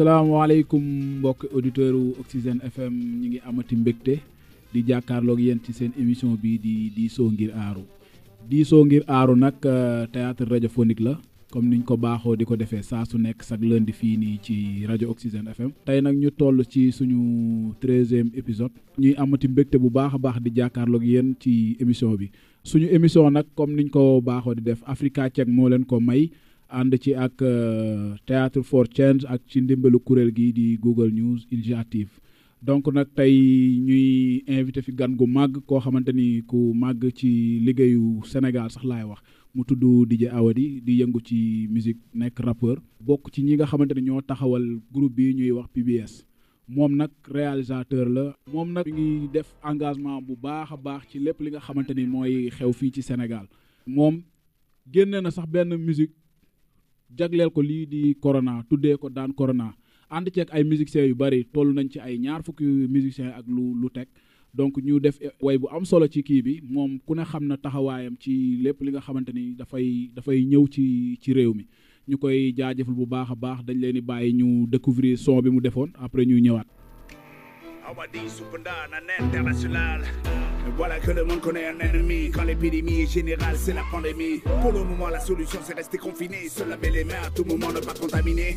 asalaamaaleykum mbokki auditeurs yu Oxygène FM ñu ngi amati mbégte di jàkkaarloog yéen ci seen émission bii di diisoo ngir aaru diisoo ngir aaru nag euh, théâtre radiophonique la comme niñ ko baaxoo di ko defee saa su nekk chaque lundi fii nii ci rajo Oxygène FM. tey nag ñu toll ci suñu treizième épisode ñuy amati mbégte bu baax a baax di jàkkaarloog yéen ci émission bi suñu émission nag comme niñ ko baaxoo di def Africa Check moo leen ko may. ànd ci ak euh, Théâtre for Change ak ci ndimbalu kuréel gi di Google News Initiative donc nag tey ñuy invité fi gan gu màgg koo xamante ni ku màgg ci liggéeyu Sénégal sax laay wax mu tudd di ja Awadi di yëngu ci musique nekk rappeur bokk ci ñi nga xamante ni ñoo taxawal groupe bi ñuy wax PBS moom nag réalisateur la moom nag mi ngi def engagement bu baax a baax ci lépp li nga xamante ni mooy xew fii ci Sénégal moom génne na sax benn musique jagleel ko lii di corona tuddee ko daan corona ànd ceeg ay musiciens yu bari toll nañ ci ay ñaar fukki musiciens ak lu lu teg donc ñu def way bu am solo ci kii bi moom ku ne xam na taxawaayam ci lépp li nga xamante ni dafay dafay ñëw ci ci réew mi ñu koy jaajëfal bu baax a baax dañ leen di bàyyi ñu découvrir son bi mu defoon après ñuy ñëwaat. Voilà que le monde connaît un ennemi. Quand l'épidémie est générale, c'est la pandémie. Pour le moment, la solution c'est rester confiné. Se laver les mains à tout moment, ne pas contaminer.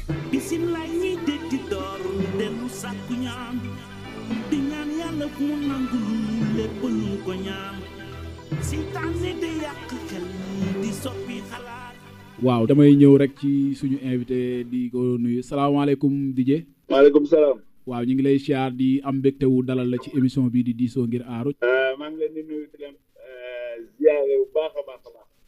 waaw damay ñëw rek ci suñu invité di ko nuyu salaamaaleykum DJ. maaleykum salaam. waaw ñu ngi lay siyaar di am mbégte wu dalal la ci émission bii di diisoo ngir aaru. Euh, maa ngi leen euh,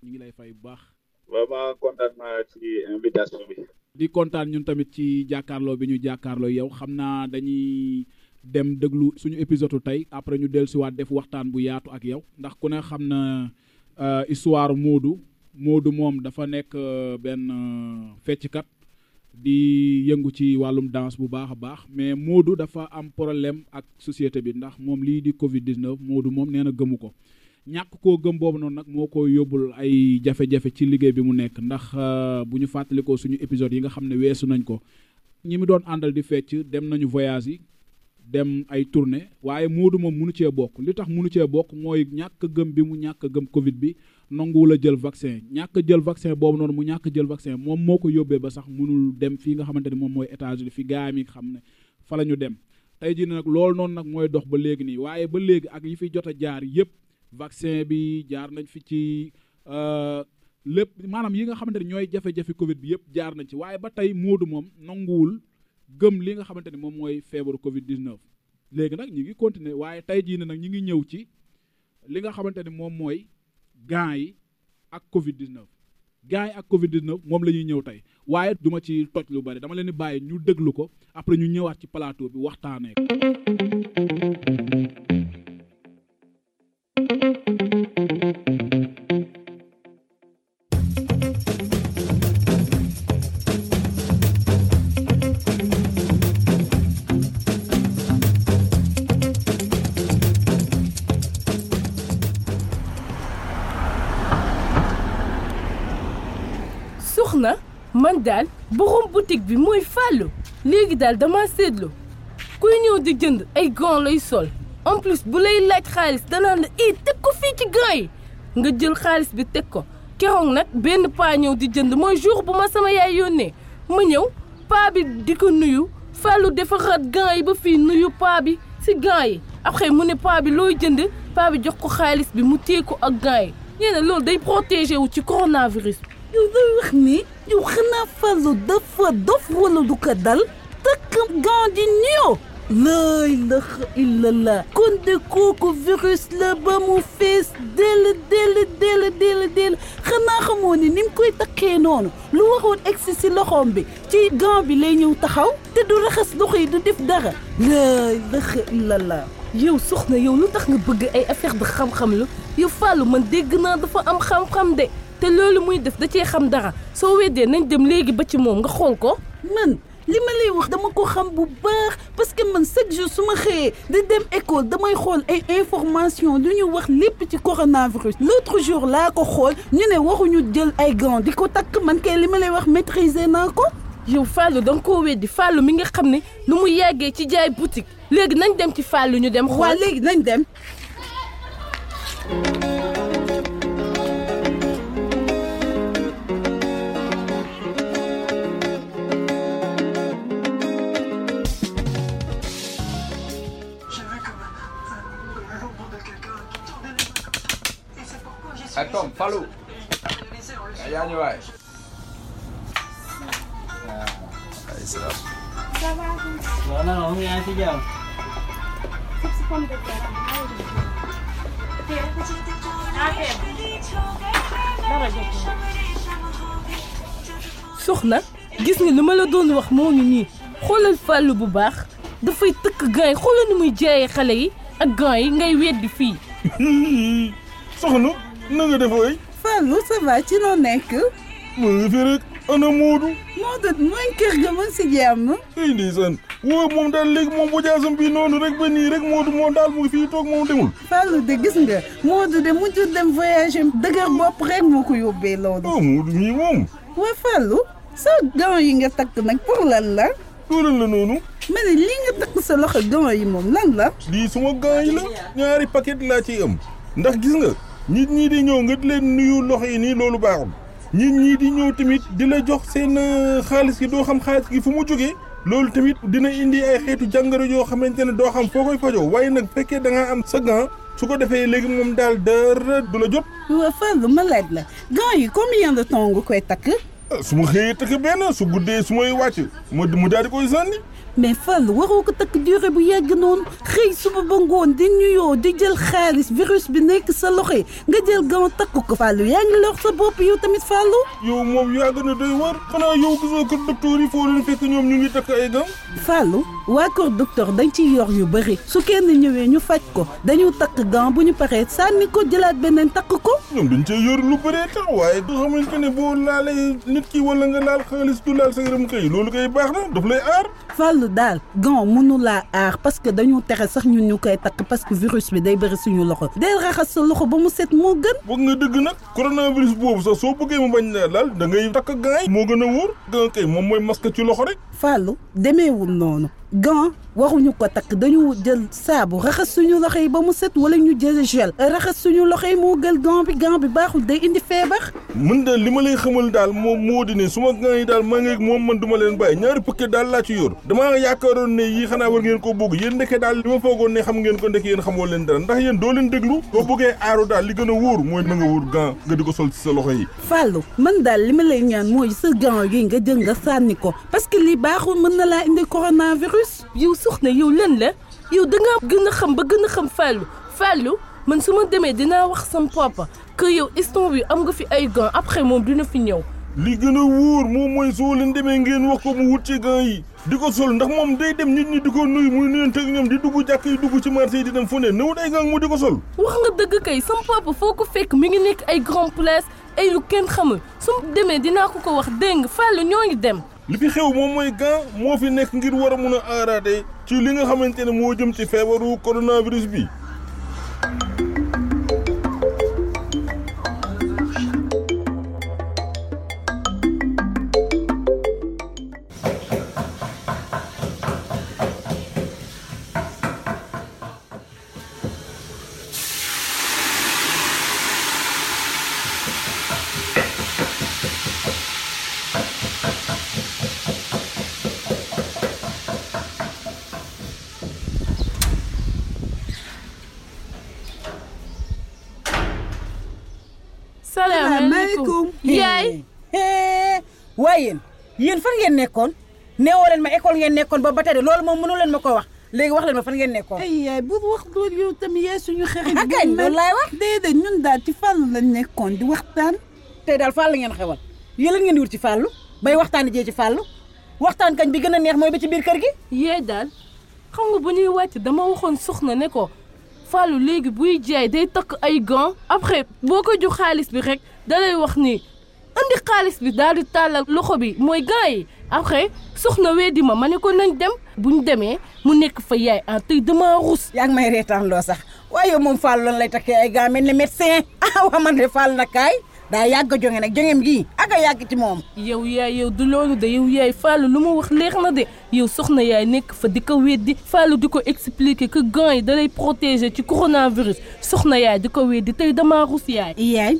ñu ngi lay fay bu baax. vraiment kontaan ci invitation bi. di kontaan ñun tamit ci jàkkaarloo bi ñu jàkkaarloo yow xam naa dañuy dem déglu suñu épisode tey après ñu dellusiwaat def waxtaan bu yaatu ak yow ndax ku ne xam na euh, histoire Modou Modou moom dafa nekk benn fecckat. di yëngu ci wàllum dance bu baax a baax mais Moodu dafa am problème ak société bi ndax moom lii di Covid 19 Moodu moom nee na gëmu ko ñàkk ko gëm boobu noonu nag moo ko yóbbul ay jafe-jafe ci liggéey bi mu nekk ndax euh, bu ñu fàttalikoo suñu épisode yi nga xam ne weesu nañ ko ñi mu doon àndal di fecc dem nañu voyage yi dem ay tournée waaye Moodu moom munu cee bokk li tax munu cee bokk mooy ñàkk gëm bi mu ñàkk gëm Covid bi. nanguwul a jël vaccin ñàkk jël vaccin boobu noonu mu ñàkk jël vaccin moom moo ko yóbbee ba sax mënul dem fii nga xamante ni moom mooy états fi gaa yi xam ne fa la ñu dem tey jii nag loolu noonu nag mooy dox ba léegi nii waaye ba léegi ak yi fi jot jaar yëpp vaccin bi jaar nañ fi ci euh, lépp maanaam yi nga xamante ni ñooy jafe-jafe bi yëpp jaar nañ ci waaye ba tey Moodu moom nanguwul gëm li nga xamante ni moom mooy feebaru Covid 19. léegi nag ñu ngi continuer waaye tey jii nag ñu ngi ñëw ci li nga xamante ni moom mooy gants yi ak Covid 19. yi ak Covid 19 moom la ñuy ñëw tey waaye duma ci toj lu bari dama leen di bàyyi ñu déglu ko après ñu ñëwaat ci plateau bi waxtaanee ko daal borom boutique bi mooy fàllu léegi daal dama seetlu kuy ñëw di jënd ay gants lay sol en plus bu lay laaj xaalis danaan la i eh, teg ko fii ci gants yi nga jël xaalis bi teg ko keroog nag benn paa ñëw di jënd mooy jour bu ma sama yaay yónnee ma ñëw paa bi di ko nuyu fàllu dafa xat yi ba fii nuyu paa bi si gants yi après mu ne paa bi looy jënd paa bi jox ko xaalis bi mu téye ko ak gants yi nee na loolu day protégé wu ci coronavirus. yow day wax ni yow xanaa fàllu dafa dof wala du ko dal takk gan di ñëw laa ilaha illallah kon de kooku virus la ba mu fees dell dell dell dell dell xanaa xamoo ni mu koy takkee noonu lu waxoon egsi si loxoom bi ci gan bi lay ñëw taxaw te du raxas loxo yi du def dara laa ilaha illallah yow soxna yow lu tax nga bëgg ay affaire de xam-xam lu yow fàllu man dégg naa dafa am xam-xam de te loolu muy def da cee xam dara soo weddee nañ dem léegi ba ci moom nga xool ko. man li ma lay wax dama ko xam bu baax parce que man chaque jour su ma xëyee di dem école damay xool ay information lu ñu wax lépp ci coronavirus l'autre jour laa ko xool ñu ne waxuñu jël ay gants di ko takk man kay li ma lay wax maîtriser naa ko. yow Fallou da nga koo weddi Fallou mi nga xam ne lu mu yàggee ci jaay boutique léegi nañ dem ci Fallou ñu dem. xool léegi nañ dem. Atom, falou. Ayan soxna gis nga li ma la doon wax moo ngi nii xoolal fàllu bu baax dafay tëkk gants yi ni muy jaayee xale yi ak gants yi ngay weddi fii soxna na nga def waay. Fallou ça va ci loo nekk. maa ngi fi rek ana Moodu. Moodu mooy kër ga mën si jàmm. ay ndeysaan woo moom daal léegi moom bu jaasam noonu rek ba nii rek Moodu moom daal mu fii toog moom demul. Fallou de gis nga Moodu de mujj dem voyage dëgër bopp rek moo ko yóbbee loolu. ah oh, Moodu mii moom. waa Fallou sa gant yi nga takk nag pour lan la. loolu la noonu. ma ne lii nga takk sa loxo gant yi moom lan la. lii suma gant yi la ñaari paquet laa ciy am ndax gis nga. nit ñii di ñëw nga di leen nuyu loxo yi nii loolu baaxul nit ñii di ñëw tamit di la jox seen euh, xaalis gi doo xam xaalis gi fu mu jógee loolu tamit dina indi ay xeetu jàngoro yoo xamante ne doo xam foo koy fajoo waaye nag fekkee da am sa gan su ko defee léegi moom daal dara du la jot. waa Fadou ma laaj la gants yi combien de temps nga koy takk. Ah, su ma xëyee takk benn su guddee su may wàcc ma mu daal di koy sànni. mais fël waroo ko takk durée bu yegg noonu xëy suba ba ngoon di nuyoo di jël xaalis virus bi nekk sa loxo nga jël gant takk ko fàllu yaa ngi lor sa bopp yow tamit fàllu yow moom yaa gën a doy war xanaa yow gisoo kër docteur yi foo leen fekk ñoom ñu ngi takk ay gant fàllu waa kër docteur dañ ci yor yu bëri su kenn ñëwee ñu faj ko dañu takk gant bu ñu paree sànni ko jëlaat beneen takk ko ñoom dañ cee yor lu bëree tax waaye nga xamante ne boo laalee nit ki wala nga laal xaalis du laal sa yaram kay loolu kay baax na daal gant mënu laa aar que dañu texe sax ñu ñu koy takk parce que virus bi day bëri suñu loxo deel raxas sa loxo ba mu set moo gën bëgg nga dëgg nag coronavirus boobu sax soo bëggee mu bañ la laal da ngay takk gant moo gën a wóor gant kay moom mooy masque ci loxo rek fàllu demeewul noonu gant waruñu ko takk dañu jël saabu raxas suñu loxo yi ba mu set wala ñu jël raxas suñu loxo yi moo gël gant bi baaxul day indi feebar. mën de li ma lay xamal daal moom moo di ne su ma gant yi daal maa ngi moom man du ma leen bàyyi ñaari pëkk daal laa ci yor damaa yaakaaroon ne yii xanaa war ngeen ko bëgg yéen ndeke daal li ma foogoon ne xam ngeen ko ndeke yéen xamoo leen dara ndax yéen doo leen déglu boo bëggee aaru daal li gën a wóor mooy na sa loxo yi. Fallou man daal li ma lay ñaan sa gant yi nga jël nga sànni ko parce que li baaxul mën plus yow soxna yow lan la yow da ngaa gën a xam ba gën a xam Fallou Fallou man su ma demee dinaa wax sam papa que yow instant bi am nga fi ay gants après moom dina fi ñëw. li gën a wóor moom mooy soo leen demee ngeen wax ko mu wut ci gants yi. di ko sol ndax moom day dem nit ñi di ko nuyu muy nuyonte ak ñoom di dugg jàkk yi dugg ci marché yi di dem fu ne nëwut ay gants mu di ko sol. wax nga dëgg kay sam papa foo ko fekk mi ngi nekk ay grand place ay lu kenn xamul su ma demee dinaa ko ko wax dégg nga ñoo ngi dem. li fi xew moom mooy gan moo fi nekk ngir war a mun a aaraate ci li nga xamante ne moo jëm ci feebaru coronavirus bi yéen ngeen nekkoon neewoo leen ma école ngeen nekkoon ba ba tey de loolu moom leen ma ko wax léegi wax leen ma fan ngeen nekkoon. ay yaay tam yaay suñu xarit. ah kay loolu laay wax déedéet ñun daal ci fàllu lañ nekkoon di waxtaan. tey daal fàllu ngeen xewal yéen ngeen di wut ci fàllu bay waxtaan jee ci fàllu waxtaan kañ bi gën a neex mooy ba ci biir kër gi. yee daal xam nga bu ñuy wàcc dama waxoon soxna ne ko fàllu léegi buy jaay day takk ay gants après boo ko ju xaalis bi rek dalay wax ni andi xaalis bi daal di tàllal loxo bi mooy gars yi après soxna weddi ma ma ne ko nañ dem bu ñu demee mu nekk fa yaay en tey dama ruus. yaa may reetaan sax waaye moom Fall lan lay takkee ay gars mel ne médecin ah waa man de Fall na kaay daa yàgg a jóge nag ak a yàgg ci moom. yow yaay yow du loolu de yow yaay Fallou lu mu wax leex na de yow soxna yaay nekk fa di ko weddi Fallou di ko expliquer que gants yi da lay protéger ci coronavirus soxna yaay di ko weddi tey dama ruus yaay. yaay.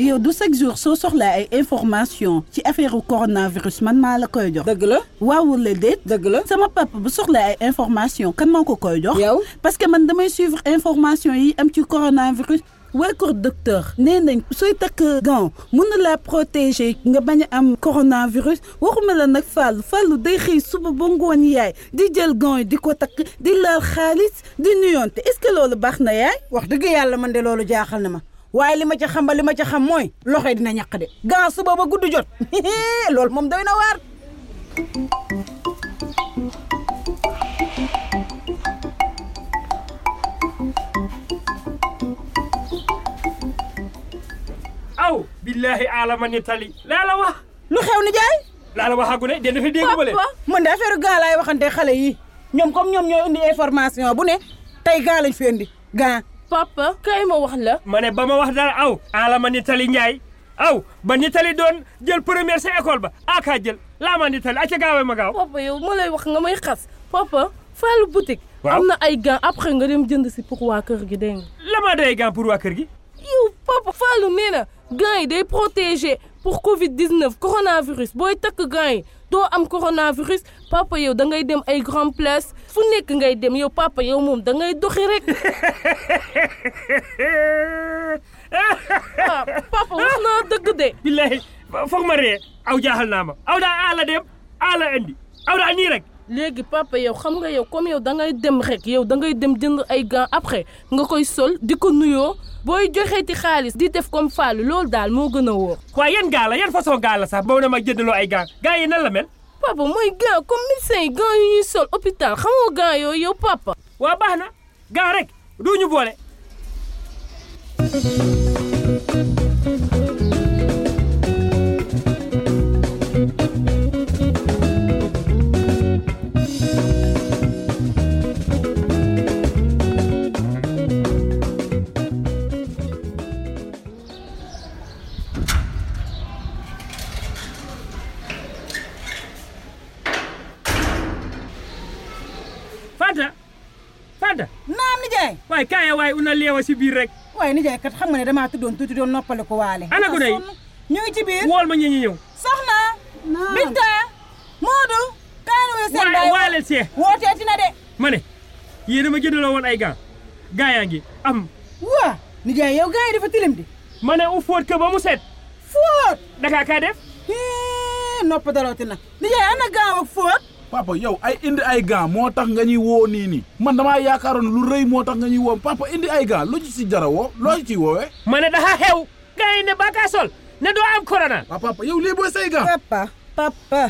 yow du chaque jour soo soxlaa ay information ci affaire coronavirus man maa la koy jox. dëgg la waaw la déet. dëgg la sama papa bu soxlaa ay information kan moo ko koy jox. yow parce que man damay suivre information yi am ci coronavirus. waa kër docteur nee nañ sooy takk gant mën na laa protéger nga bañ a am coronavirus waxuma la nag fàllu fàllu day xëy suba ba ngoon yaay di jël gant yi di ko takk di laal xaalis di nuyonte est-ce que loolu baax na yaay. wax dëgg yàlla man de loolu jaaxal na ma. waaye li ma ca xam li ma ca xam mooy loxo yi dina ñàq de gan suba ba gudd jot loolu moom doy na waar aw billahi alama ni tali laa la wax lu xew ni jaay laa la waxaagu ne den dafa dégg wala man de affaire gaa laay waxante xale yi ñoom comme ñoom ñooy indi information bu ne tey gaa lañ fi indi papa kay ma wax la. ma ne ba ma wax dara aw. alama ni tali Ndiaye aw ba ni tali doon jël première sa école ba aka jël laa ma ni tali acca gaawee ma gaaw. papa yow ma lay wax nga may xas papa Fallou boutique. waaw am na ay gants après nga dem jënd si pour waa kër gi dégg nga. la ma day gants pour waa kër gi. yow papa Fallou nee na gants yi day protéger pour Covid 19 coronavirus booy takk gants yi. doo am coronavirus papa yow da ngay dem ay grand place fu nekk ngay dem yow papa yow moom da ngay doxi rek waaw ah, papa wax naa de. billahi foog ma ree aw jaaxal naa ma aw daa aala dem aala indi aw daa nii léegi papa yow xam nga yow comme yow da dem rek yow da ngay dem jënd ay gants après nga koy sol di ko nuyoo booy joxeeti xaalis di def comme Fallou loolu daal moo gën a woo waaye yan gaa la yan façon gaa la sax boobu na ma jëndaloo ay gants gants yi nan la mel. papa mooy gants comme médecin yi gants yu ñuy sol hôpital xamoo gants yooyu yow papa. waa baax na gants rek du ñu boole. ci biir rek waaye nijaay kat xam nga ne damaa tuddoon tuuti doon noppale ko waale ana gone yi ñu ngi ci biir wool ma ñi ñi ñëw soxna Binta Moodu kaanwee seen baay waaleel see wooteeti na de ma ne yéen a ma jëndaloo woon ay gaa gaa yaa ngi am waa nijaay yow gaa yi dafa tilim di ma u fóot ko ba mu set fóot dakaa kaa def nopp dalooti na nijaay ana gaaw ak fóot papa yow ay indi ay gants moo tax nga ñuy woo nii nii man damaa yaakaaroon lu rëy moo tax nga ñuy woo papa indi ay gants lu ci si jara woo loo ci woowee. ma ne dafa xew. gants yi ne ba kaa sol ne doo am corona. papa ah, papa yow lii booy say gants. papa papa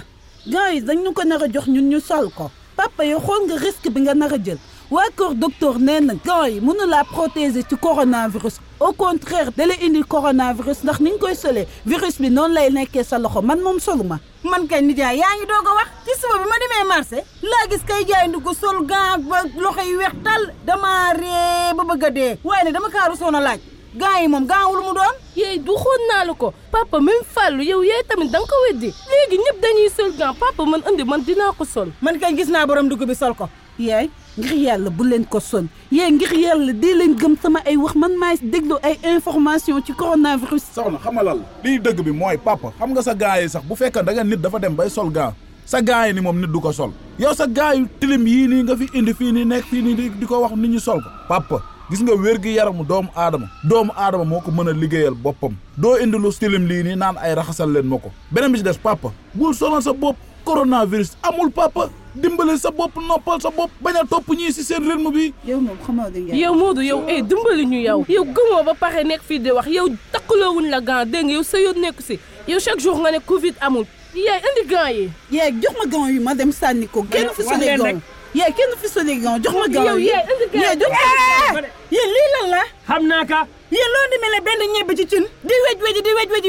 gants yi dañu ko nar a jox ñun ñu sol ko. papa yow xool nga risque bi nga nax a jël. waa kër docteur neen na gants yi mënulaa protéger ci coronavirus au contraire da lay indi coronavirus ndax ni koy solee virus bi noonu lay nekkee sa loxo man moom soluma man kay nijaay yaa ngi doog a wax ci suba bi ma demee marché laa gis kay jaay ndu ko sol gant ba loxo yi weex tal dama ree ba bëgg a dee waaye ne dama kaaru soon a laaj gaa yi moom gants wul mu doon yéey du xoon naa la ko papa même fàllu yow yaay tamit da ko weddi léegi ñëpp dañuy sol gant papa man indi man dinaa ko sol man kay gis naa borom dugg bi sol ko yaay ngir yàlla bu leen ko son yee ngir yàlla dee leen gëm sama ay wax man maay déglu ay information ci coronavirus. soxna xam nga lan lii dëgg bi mooy papa xam nga sa gars yi sax bu fekkee da nga nit dafa dem bay sol gaa sa gars yi ni moom nit du ko sol yow sa gars yu tilim yii nii nga fi indi fii nii nekk fii nii di ko wax nit ñi sol ko papa. gis nga wér gi yaramu doomu aadama doomu aadama moo ko mën a liggéeyal boppam doo indi lu tilim lii nii naan ay raxasal leen ma ko beneen bi ci des papa bul sonal sa bopp coronavirus amul papa dimbali sa bopp noppal sa bopp bañ a topp ñii si seen rythme bi. yow moom xamoo di yow Modou yow eh dimbali ñu yow. yow gëmoo ba pare nekk fii di wax yow takkaloowuñ la gant dégg nga yow sa yoon nekku si yow chaque jour nga ne Covid amul. yaay indi gant yi. yaay jox ma gant yi ma dem sànni ko. kenn fi soli gant yaay kenn fi soli gant jox ma gant yi. yaay indi gant yi jox ma lii lan la. xam naa ka. yéen loo demee ne benn ñebe ci cin. di wej wej di wej wej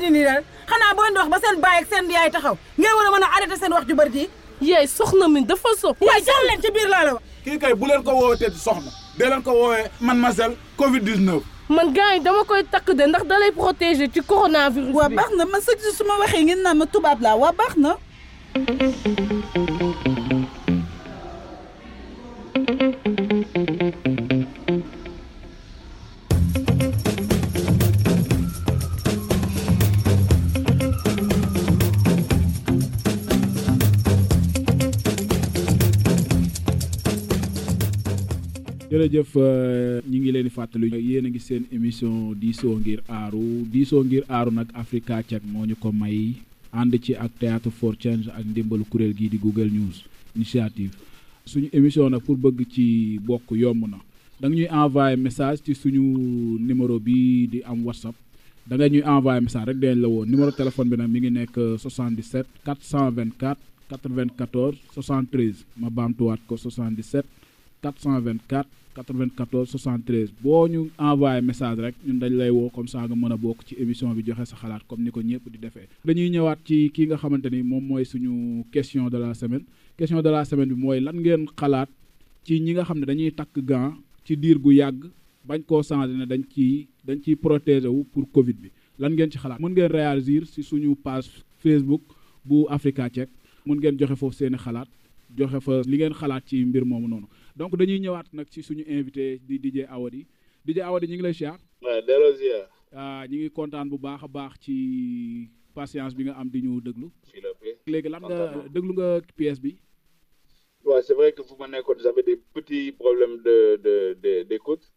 di nii daal. xanaa boo indi wax ba seen baay ak seen yaay taxaw ngay war a mën a arrêté seen wax ju bari ji. yaay soxna mi dafa sopp waaye jël leen ci biir laa la wax. kii kay bu leen ko woowee te soxna dee ko woowee man ma Marcel Covid 19. man gars yi dama koy takk de ndax da lay protéger ci coronavirus bi. baax na man sax su ma waxee ngeen naan ma tubaab laa waaw baax na. jërëjëf euh, ñu ngi leen di fàttali yéen a ngi seen émission diisoo ngir aaru diisoo ngir aaru nag Africa Check moo ñu ko may ànd ci ak Theatre for Change ak ndimbalu kuréel gii di Google News Initiative suñu émission nag pour bëgg ci bokk yomb na danga ñuy envoyé message ci suñu numéro bi di am WhatsApp da nga ñuy envoyé message rek dañ la woo numéro téléphone bi nag mi ngi nekk 77 424 94 73 ma baamtuwaat ko 77. vingt 424 94 73 boo ñu envoyé message rek ñun dañ lay woo comme ça nga mën a bokk ci émission bi joxe sa xalaat comme ni ko ñëpp di defee. dañuy ñëwaat ci kii nga xamante ni moom mooy suñu question de la semaine question de la semaine bi mooy lan ngeen xalaat ci ñi nga xam ne dañuy takk gant ci diir gu yàgg bañ koo changé ne dañ ci dañ ciy protéger wu pour Covid bi lan ngeen ci xalaat. mën ngeen réagir si suñu page Facebook bu Africa mën ngeen joxe foofu seen i xalaat joxe fa li ngeen xalaat ci mbir moomu noonu. donc dañuy ñëwaat nag ci suñu invité di DJ Awadi DJ Awadi ñu ngi lay siyaar. waaw delloo siyaar. Ah, ñu ngi kontaan bu baax a baax ci patience bi nga am di ñu déglu. léegi lan nga déglu nga pièce bi. waaw c'est vrai que fu nekkoon j'avais des petits problèmes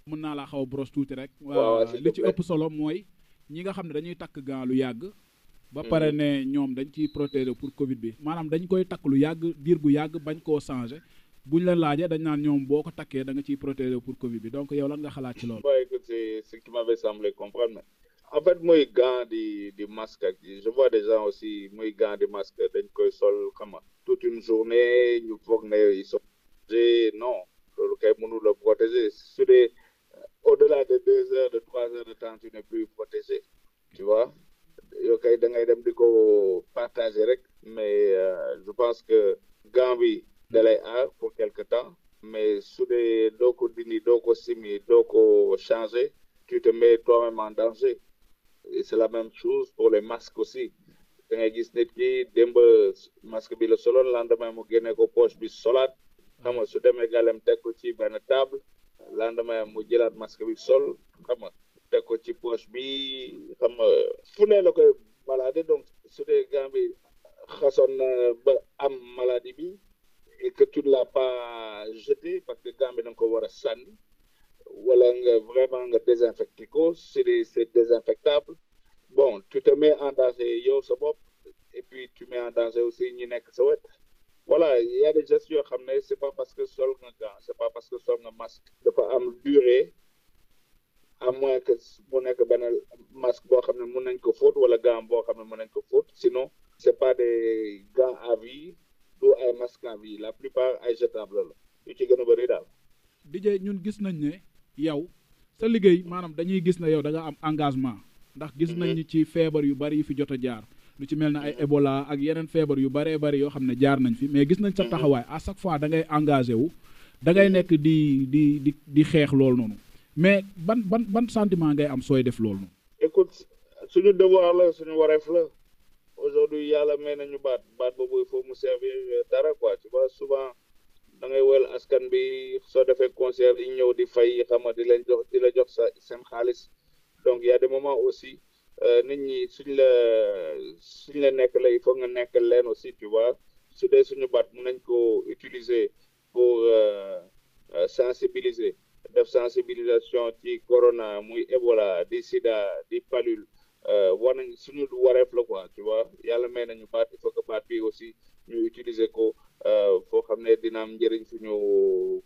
mën naa laa xaw a brosse tuuti rek. waaw euh, li ci ëpp solo mooy. ñi nga xam ne dañuy takk gaa lu yàgg. ba mm-hmm. pare ne ñoom dañ ciy protéger pour Covid bi maanaam dañ koy takk lu yàgg diir bu yàgg bañ koo changer. buñ la laajee dañ naan ñoom boo ko takkee da nga ciy protéger pour Covid bi donc yow lan nga xalaat ci loolu. waaw écoute c'est ce qui m'avait semblé comprendre en fait mooy gant di di je vois des gens aussi muy gant di masque dañ koy sol kama nga toute une journée ñu foog ne ils sont non loolu kay mënul la protéger su dee euh, au-delà de deux heures de trois heures de temps tu n'es plus protégé tu vois yow kay da ngay dem di ko partager rek. énormément en danger. Et c'est la même chose pour les masques aussi. da ngay gis nit ki démb masque bi la soloon lendemain mu génne ko poche bi solaat xam nga su demee gàllem teg ko ci benn table lendemain mu jëlaat masque bi sol xam teg ko ci poche bi xam nga fu ne la koy malade donc su dee gars na ba am maladie bi et que tu ne l'as pas jeté parce que gars bi da nga ko war a sànni wala nga vraiment nga désinfecté ko c'est des c'est désinfectable bon tu te mets en yow sa bopp et puis tu mets en aussi ñi nekk sa wet voilà y a des yoo xam ne c'est pas parce que sol nga gant c'est pas parce que sol nga masque dafa am durée à moins que mu nekk benn masque boo xam ne mun nañ ko fóot wala gant boo xam ne mun nañ ko fóot sinon c'est pas des gants à vie du ay masque à vie la plupart ay jetables la yu ci gën a bëri daal. Didier ñun gis nañ ne yow sa liggéey maanaam dañuy gis na yow da nga am engagement ndax gis nañu ci feebar yu bari yu fi jot a jaar lu ci mel ne ay Ebola ak yeneen feebar yu baree bari yoo xam ne jaar nañ fi mais gis nañ sa mhm. taxawaay à fois dangay ngay engagé wu da nekk di di di di xeex lool noonu mais ban ban ban sentiment ngay am sooy def loolu noonu. écoute suñu devoir la suñu wareef la aujourd'hui yàlla may nañu baat baat boobu il faut mu servir dara quoi tu vois da ngay askan bi soo defee concert yi ñëw di fay xam nga di leen jox di la jox sa seen xaalis donc y a des moments aussi euh, nit ñi suñ la suñ la nekk la il faut nga nekk leen aussi tu su dee suñu baat mën nañ ko utiliser pour euh, euh, sensibiliser def sensibilisation ci corona muy Ebola di Sida di palul war nañ suñu wareef la quoi tu yàlla may nañu baat il baat bi aussi ñu utiliser ko. Euh, foo xam ne dina am njëriñ suñu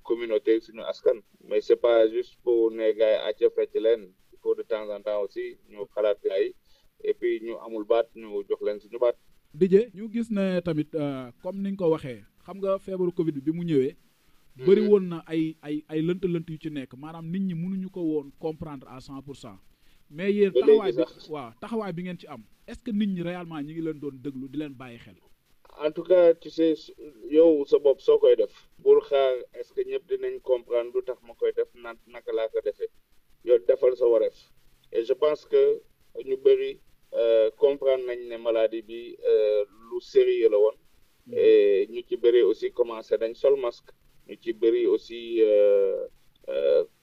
communauté suñu askan mais c'est pas juste pour ne gars yi acca fecc leen il faut de temps en temps aussi ñu xalaat gars ay et puis ñu amul baat ñu jox leen suñu baat Didier ñu gis ne tamit euh, comme ni ñu ko waxee xam nga feebaru covid bi mu ñëwee mm-hmm. bëri woon na ay ay ay lënt-lënt yu ci nekk maanaam nit ñi mënuñu ko woon comprendre à cent pour cent mais yéen taxawaay bi waaw bi ngeen ci am est-ce que nit ñi réellement ñi ngi leen doon déglu di bàyyi xel en tout cas tu sais yow sa bopp soo koy def bul xa est ce que ñëpp dinañ comprendre lu tax ma koy def na naka laa ko defee yow defal sa wareef et je pense que ñu bëri euh, comprendre nañ ne maladie bi euh, lu sérieux la woon mm-hmm. et ñu ci bëri aussi commencé nañ sol masque ñu ci bëri aussi euh,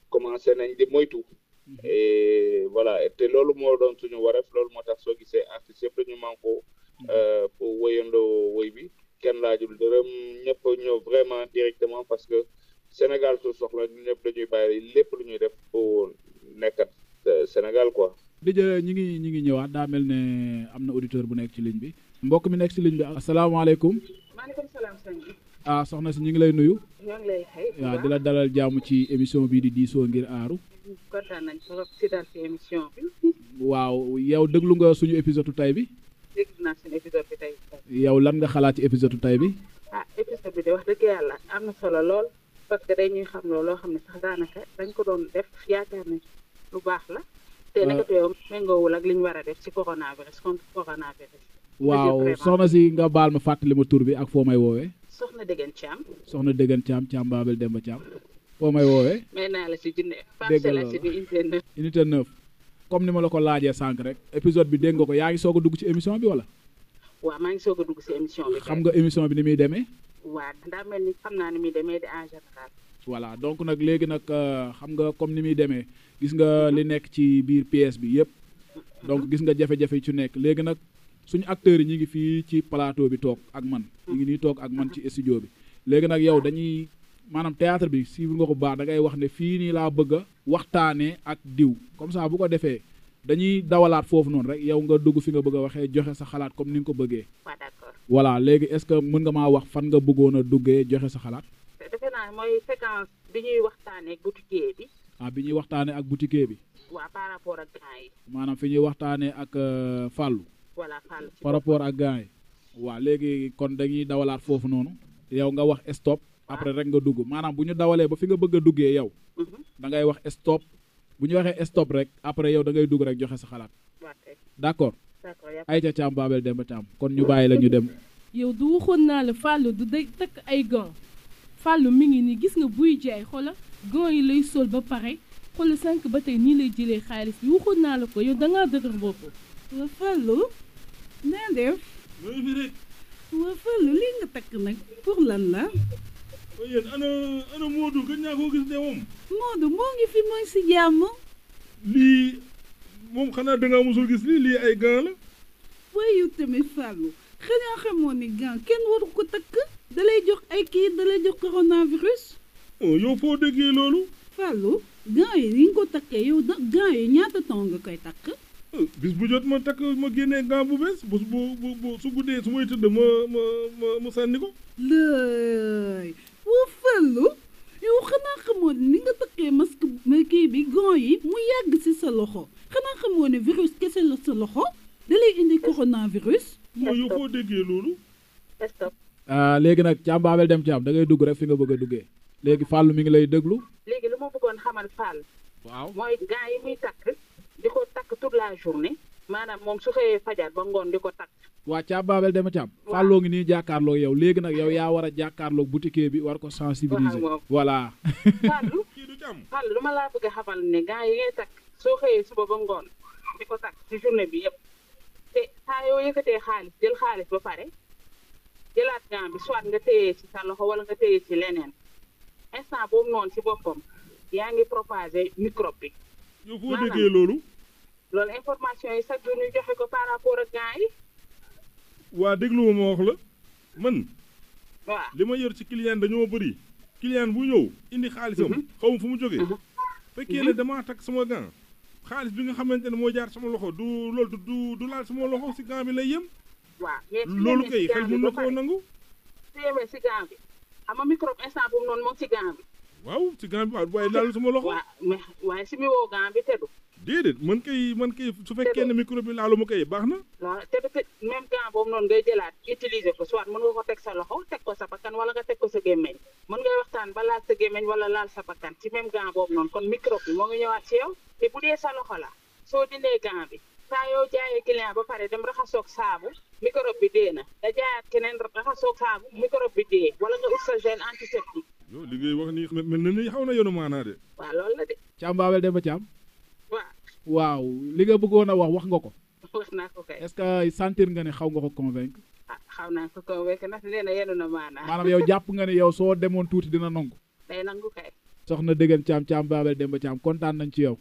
commencé nañ di moytu mm-hmm. et voilà te loolu moo doon suñu wareef loolu moo tax soo gisee artistes yëpp dañu manko foo euh, woyandoo woy bi kenn laa laajul dërëm ñëpp ñëw vraiment directement parce que Sénégal su soxla ñu ñëpp dañuy bàyyi lépp lu ñuy def pour nekkat euh, Sénégal quoi. di euh, ñi ngi ñi ngi ñëwaat daa mel ne am na auditeur bu nekk ci ligne bi mbokk mi nekk ci liñ bi asalaamaaleykum. maaleykum salaam ah soxna si ñu ngi lay nuyu. ñoo ngi lay ah, dalal jàmm ci émission bii di diisoo ngir aaru. kontaan émission waaw yow déglu nga suñu épisode tay bi. yow lan nga xalaat ci épisode tay bi. ah épisode bi de wax dëgg yàlla am na solo lool parce que dañuy loo loo xam daanaka dañ ko doon def yaakaar nañ lu baax la. te ah. nag yow méngoowul ak li ñu war a def ci coronavirus contre coronavirus. waaw soxna si nga baal ma fàttali ma tur bi ak foo may woowee. soxna Dégane Thiam. soxna Dégane Thiam Thiam Babel Demba Thiam. foo may woowe may naa la si junne. dégg la si unité 9. unité comme ni ma la ko laajee sànq rek épisode bi dégg nga ko yaa ngi soog a dugg émission bi wala. waaw maa ngi soog a dugg si émission bi. xam nga émission bi ni muy demee. waaw daa mel ni naa ni muy demee de en général. voilà donc nag léegi nag euh, xam nga comme ni muy demee gis nga li nekk ci biir pièce bi yëpp. donc gis nga jafe-jafe ci nekk léegi nag suñu acteurs yi ñu ngi fii ci plateau bi toog ak man. ñu ngi nii toog ak man ci studio bi. léegi nag yow dañuy maanaam théâtre bi bu nga ko baax da ngay wax ne fii nii laa bëgg a waxtaanee ak diw comme ça bu ko defee. dañuy dawalaat foofu noonu rek yow nga dugg fi nga bëgg a waxee joxe sa xalaat comme ni nga ko bëggee. waaw voilà léegi est-ce que mën nga maa wax fan nga bëggoon a duggee joxe sa xalaat. defe naa mooy séquence bi ñuy waxtaanee ak boutiquier bi. waa ah, bi par rapport ak gants yi. maanaam fi ñuy waxtaanee ak euh, Fallou. voilà Fallou par rapport ak waaw léegi kon dañuy dawalaat foofu noonu. yow nga wax stop. après rek nga dugg maanaam bu ñu dawalee ba fi nga bëgg a duggee yow. Mhm. da ngay wax stop bu ñu waxee stop rek après yow dangay ngay dugg rek joxe sa xalaat. d' accord. d' accord Aïcha Thiam Babel Demba kon ñu bàyyi la ñu dem. yow du waxoon naa la Fallou du day takk ay gants Fallou mi ngi nii gis nga buy jaay xoola gants yi lay sol ba pare xol sànq ba tey nii lay jëlee xaalis bi waxoon naa la ko yow da ngaa dëgër bopp. waa Fallou naa def. waa Fallou lii nga takk nag pour lan la. Oh, yéen ana ana Modou gën ñaa koo gis de moom. Modou moo ngi fi mooy si jàmm. lii moom xanaa dangaa mosul gis lii lii ay gants la. wayu tamit Fallou xanaa xamoon ni gants kenn waru ko takk. da jox ay kii da jox coronavirus. oh yow foo déggee loolu. Fallou gants yi ni nga ko takkee yow da gants yi ñaata temps nga koy takk. Oh, bis bu jot ma takk ma génnee gant bu bees bu bu bu su guddee su may tëdd ma ma ma ma sànni ko. lëy foo fàllu yow xanaa xamoo ni nga takkee masque kii bi gants yi mu yàgg ci sa loxo xanaa xamoo ni virus kese la sa loxo dalay indi coronavirus. mooy yow koo déggee loolu. Ah, léegi nag Thiam Babel dem Thiam da ngay dugg rek fi nga bëgg a duggee léegi Fallou mi ngi lay déglu. léegi lu ma bëggoon xamal Fall. waaw mooy gants yi muy takk di ko takk toute la journée. maanaam moom su xëyee fajar ba ngoon di ko takk waa Thiam Babel a Thiam fàlloo ngi nii jàkkaarloo yow léegi nag yow yaa war a jàkkaarloo boutique bi war ko sensibiliser voilà Fallou lu ma laa bëgg a xamal ne gars yi ngay takk soo xëyee suba ba ngoon di ko takk ci journée bi yëpp te saa yëkkatee xaalis jël xaalis ba pare jëlaat gan bi soit nga téye ci sa loxo wala nga téye ci leneen instant boobu noonu ci boppam yaa ngi propager microbe bi yow foo loolu information yi chaque jour ñu joxe ko par rapport ak gars yi. waa dégluwuma ma la man. waaw li ma yor ci client dañoo bëri. client bu ñëw indi xaalisam. Mhm. xaw ma fu mu jóge mhm. fekkee ne mhm. damaa takk sama gant. xaalis bi nga xamante ne moo jaar sama loxo du loolu du du laal sama loxo si gant bi lay yem. waaw loolu kay xel mun na koo nangu. si gant bi xam si gant bi. waaw si gant bi waaw waaye laal sama loxo. waaw waaye si mi woo gant bi teddu. déedéet mën kay mën kay su fekkee ne micro bi laalu ma kay baax na. waaw te peut-être même gant boobu noonu ngay jëlaat utiliser ko soit mën nga ko teg sa loxo teg ko sa bakkan wala nga teg ko sa gémmeñ mën ngay waxtaan ba laal sa gémmeñ wala laal sa bakkan ci même gant boobu noonu kon micro bi moo ngi ñëwaat ci yow te bu dee sa loxo la soo dindee gant bi saayoo yoo jaayee client ba pare dem raxasoog saabu microbe bi dee na nga jaayaat keneen raxasoog saabu microbe bi wala sa gel antiseptique. yow li ngay wax nii mel na ni xaw na yoonu maanaa de. loolu la de. Thiam Babel Demba waaw li nga bëggoon a wax wax nga ko. wax naa ko est-ce que sentir nga ne xaw nga ko convaincre. ah naa ko convaincre ndax nee na yenu na maanaam. maanaam yow jàpp nga ne yow soo demoon tuuti dina nangu. day nangu kay. soxna dëggan caam caam Babel Demba Caam kontaan nañ ci yow.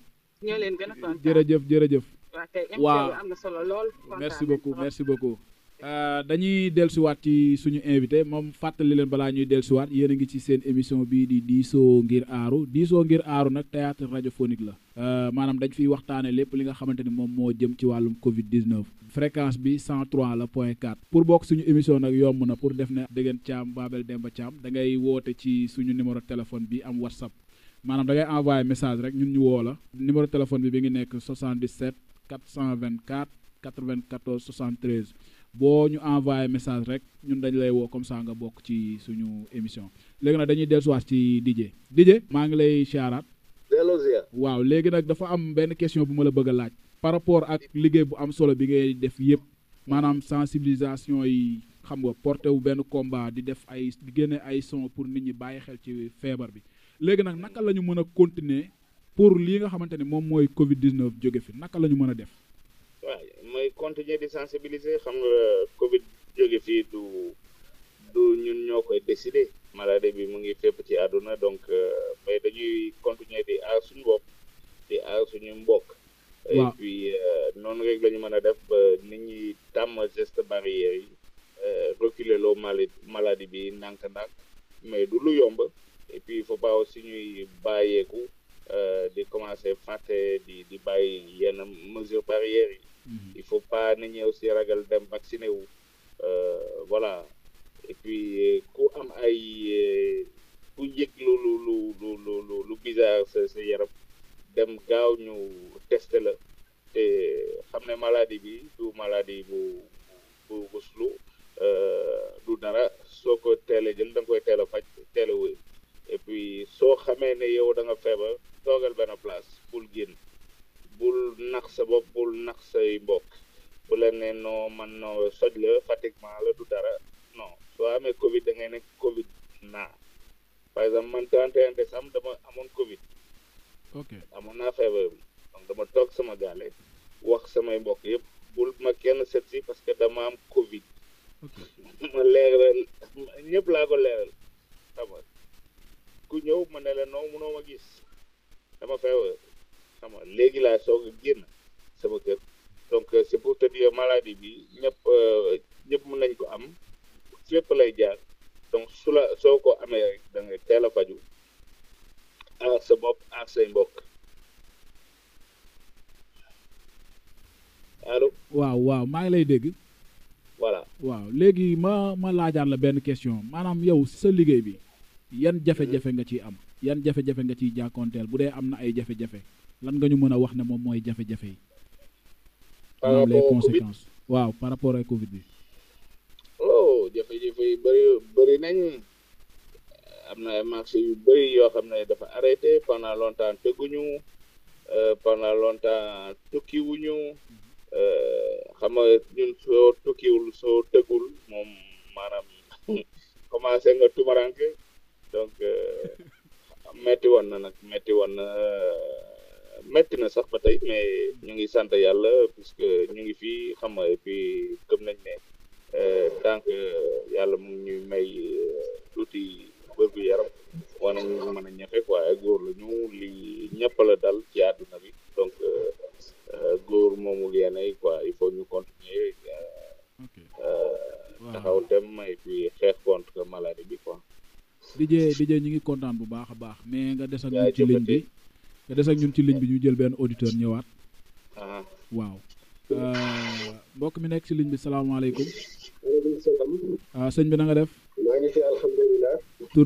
a leen gën a kontaan jërëjëf jërëjëf. waaw kay émission na solo lool. merci beaucoup merci beaucoup. Euh, dañuy dellusiwaat ci suñu invité moom fàttali leen balaa ñuy dellusiwaat yéen a ngi ci seen émission bii di diisoo ngir aaru diisoo ngir aaru nag théâtre radiophonique la euh, maanaam dañ fiy waxtaanee lépp li nga xamante ni moom moo jëm ci wàllum Covid 19. fréquence bi 103 la point 4 pour bokk suñu émission nag yomb na pour def ne déggan Thiam Babel Demba Thiam da ngay woote ci suñu numéro téléphone bi am WhatsApp maanaam da ngay envoyé message rek ñun ñu woo la numéro téléphone bi bi ngi nekk 77 424 94 73. boo ñu envoyé message rek ñun dañ lay woo comme ça nga bokk ci suñu émission léegi nag dañuy dellusiwaat ci DJ DJ maa ngi lay siyaaraat. delloo waaw léegi nag dafa am benn question bu ma la bëgg a laaj. par rapport ak liggéey bu am solo bi ngay def yëpp maanaam sensibilisation yi xam nga porté wu benn combat di def ay di génne ay son pour nit ñi bàyyi xel ci feebar bi léegi nag naka la ñu mën a continuer pour lii nga xamante ne moom mooy Covid 19 jóge fi naka lañu mën a def. mooy continuer di sensibiliser xam nga Covid jóge fii du du ñun ñoo koy décider maladie bi mu ngi fépp ci àdduna donc euh, mais dañuy continuer di aar suñu bopp di aar suñu mbokk. et puis euh, noonu rek la ñu mën a def ba nit ñi tàmm geste barrière yi euh, reculer loo mali maladie bi ndànk-ndànk mais du lu yomb et puis il faut pas aussi ñuy bàyyeeku di commencer fàtte di di bàyyi yenn mesures barrières yi. Mm-hmm. il faut pas nit ñëw si ragal dem vacciné wu euh, voilà et puis ku am ay ku yëg lu lu lu lu lu lu bizarre sa sa yaram dem gaaw ñu testé la te xam ne maladie bi du maladie bu bu bu slu euh, du dara soo ko teelee jël da koy teel a faj teel a et puis soo xamee ne yow da nga feebar toogal benn place bul génn. bul nax sa bopp bul nax say mbokk bu ne noo man noo soj la pratiquement la du dara non soo amee Covid da ngay nekk Covid naa par exemple man 31 décembre dama amoon Covid. ok amoon naa feebar bi donc dama toog sama gaale wax samay mbokk yëpp bul ma kenn set parce que dama am Covid. ma leeral ñëpp laa ko leeral ku ñëw ma ne la noo mënoo ma gis dama feebar. xam léegi laa soog a génn sama kër donc euh, c'est pour te maladie bi ñëpp euh, ñëpp mën nañ ko am fépp lay jaar donc su la soo ko amee rek da ngay teel sa bopp aar say mbokk allo waaw waaw maa ngi lay dégg wala waaw léegi ma ma laajaat la benn question maanaam yow si sa liggéey bi yan jafe-jafe nga ci am yan jafe-jafe nga ciy jàkkoonteel bu dee am na ay jafe-jafe lan nga ñu mën a wax ne moom mooy jafe-jafe yi. par rapport les waaw par rapport ak Covid bi. oh jafe-jafe yi bëri bëri nañ am na ay marché yu bëri yoo xam ne dafa arrêté pendant longtemps tëgguñu euh, pendant longtemps tukkiwuñu mm-hmm. euh, xam ñun soo tukkiwul soo tëggul. sant yàlla que ñu ngi fii xam nga et puis gëm nañ ne euh, tant que yàlla mu ngi ñuy may euh, tuuti wérgu yaram war nañu mën a ñafe quoi ay góor la ñu li ñëpp la dal ci àdduna bi donc euh, góor moomul yéenay quoi il faut ñu continuer taxaw dem et puis xeex contre maladie bi quoi Didier Didier ñu ngi kontaan bu baax a baax mais nga des ak ñun ci ligne bi nga des ñun ci ligne bi ñu jël benn auditeur ñëwaat mi nekk si ligne bi salaamaaleykum. maaleykum salaam. waaw ah, sëñ bi nanga def. maa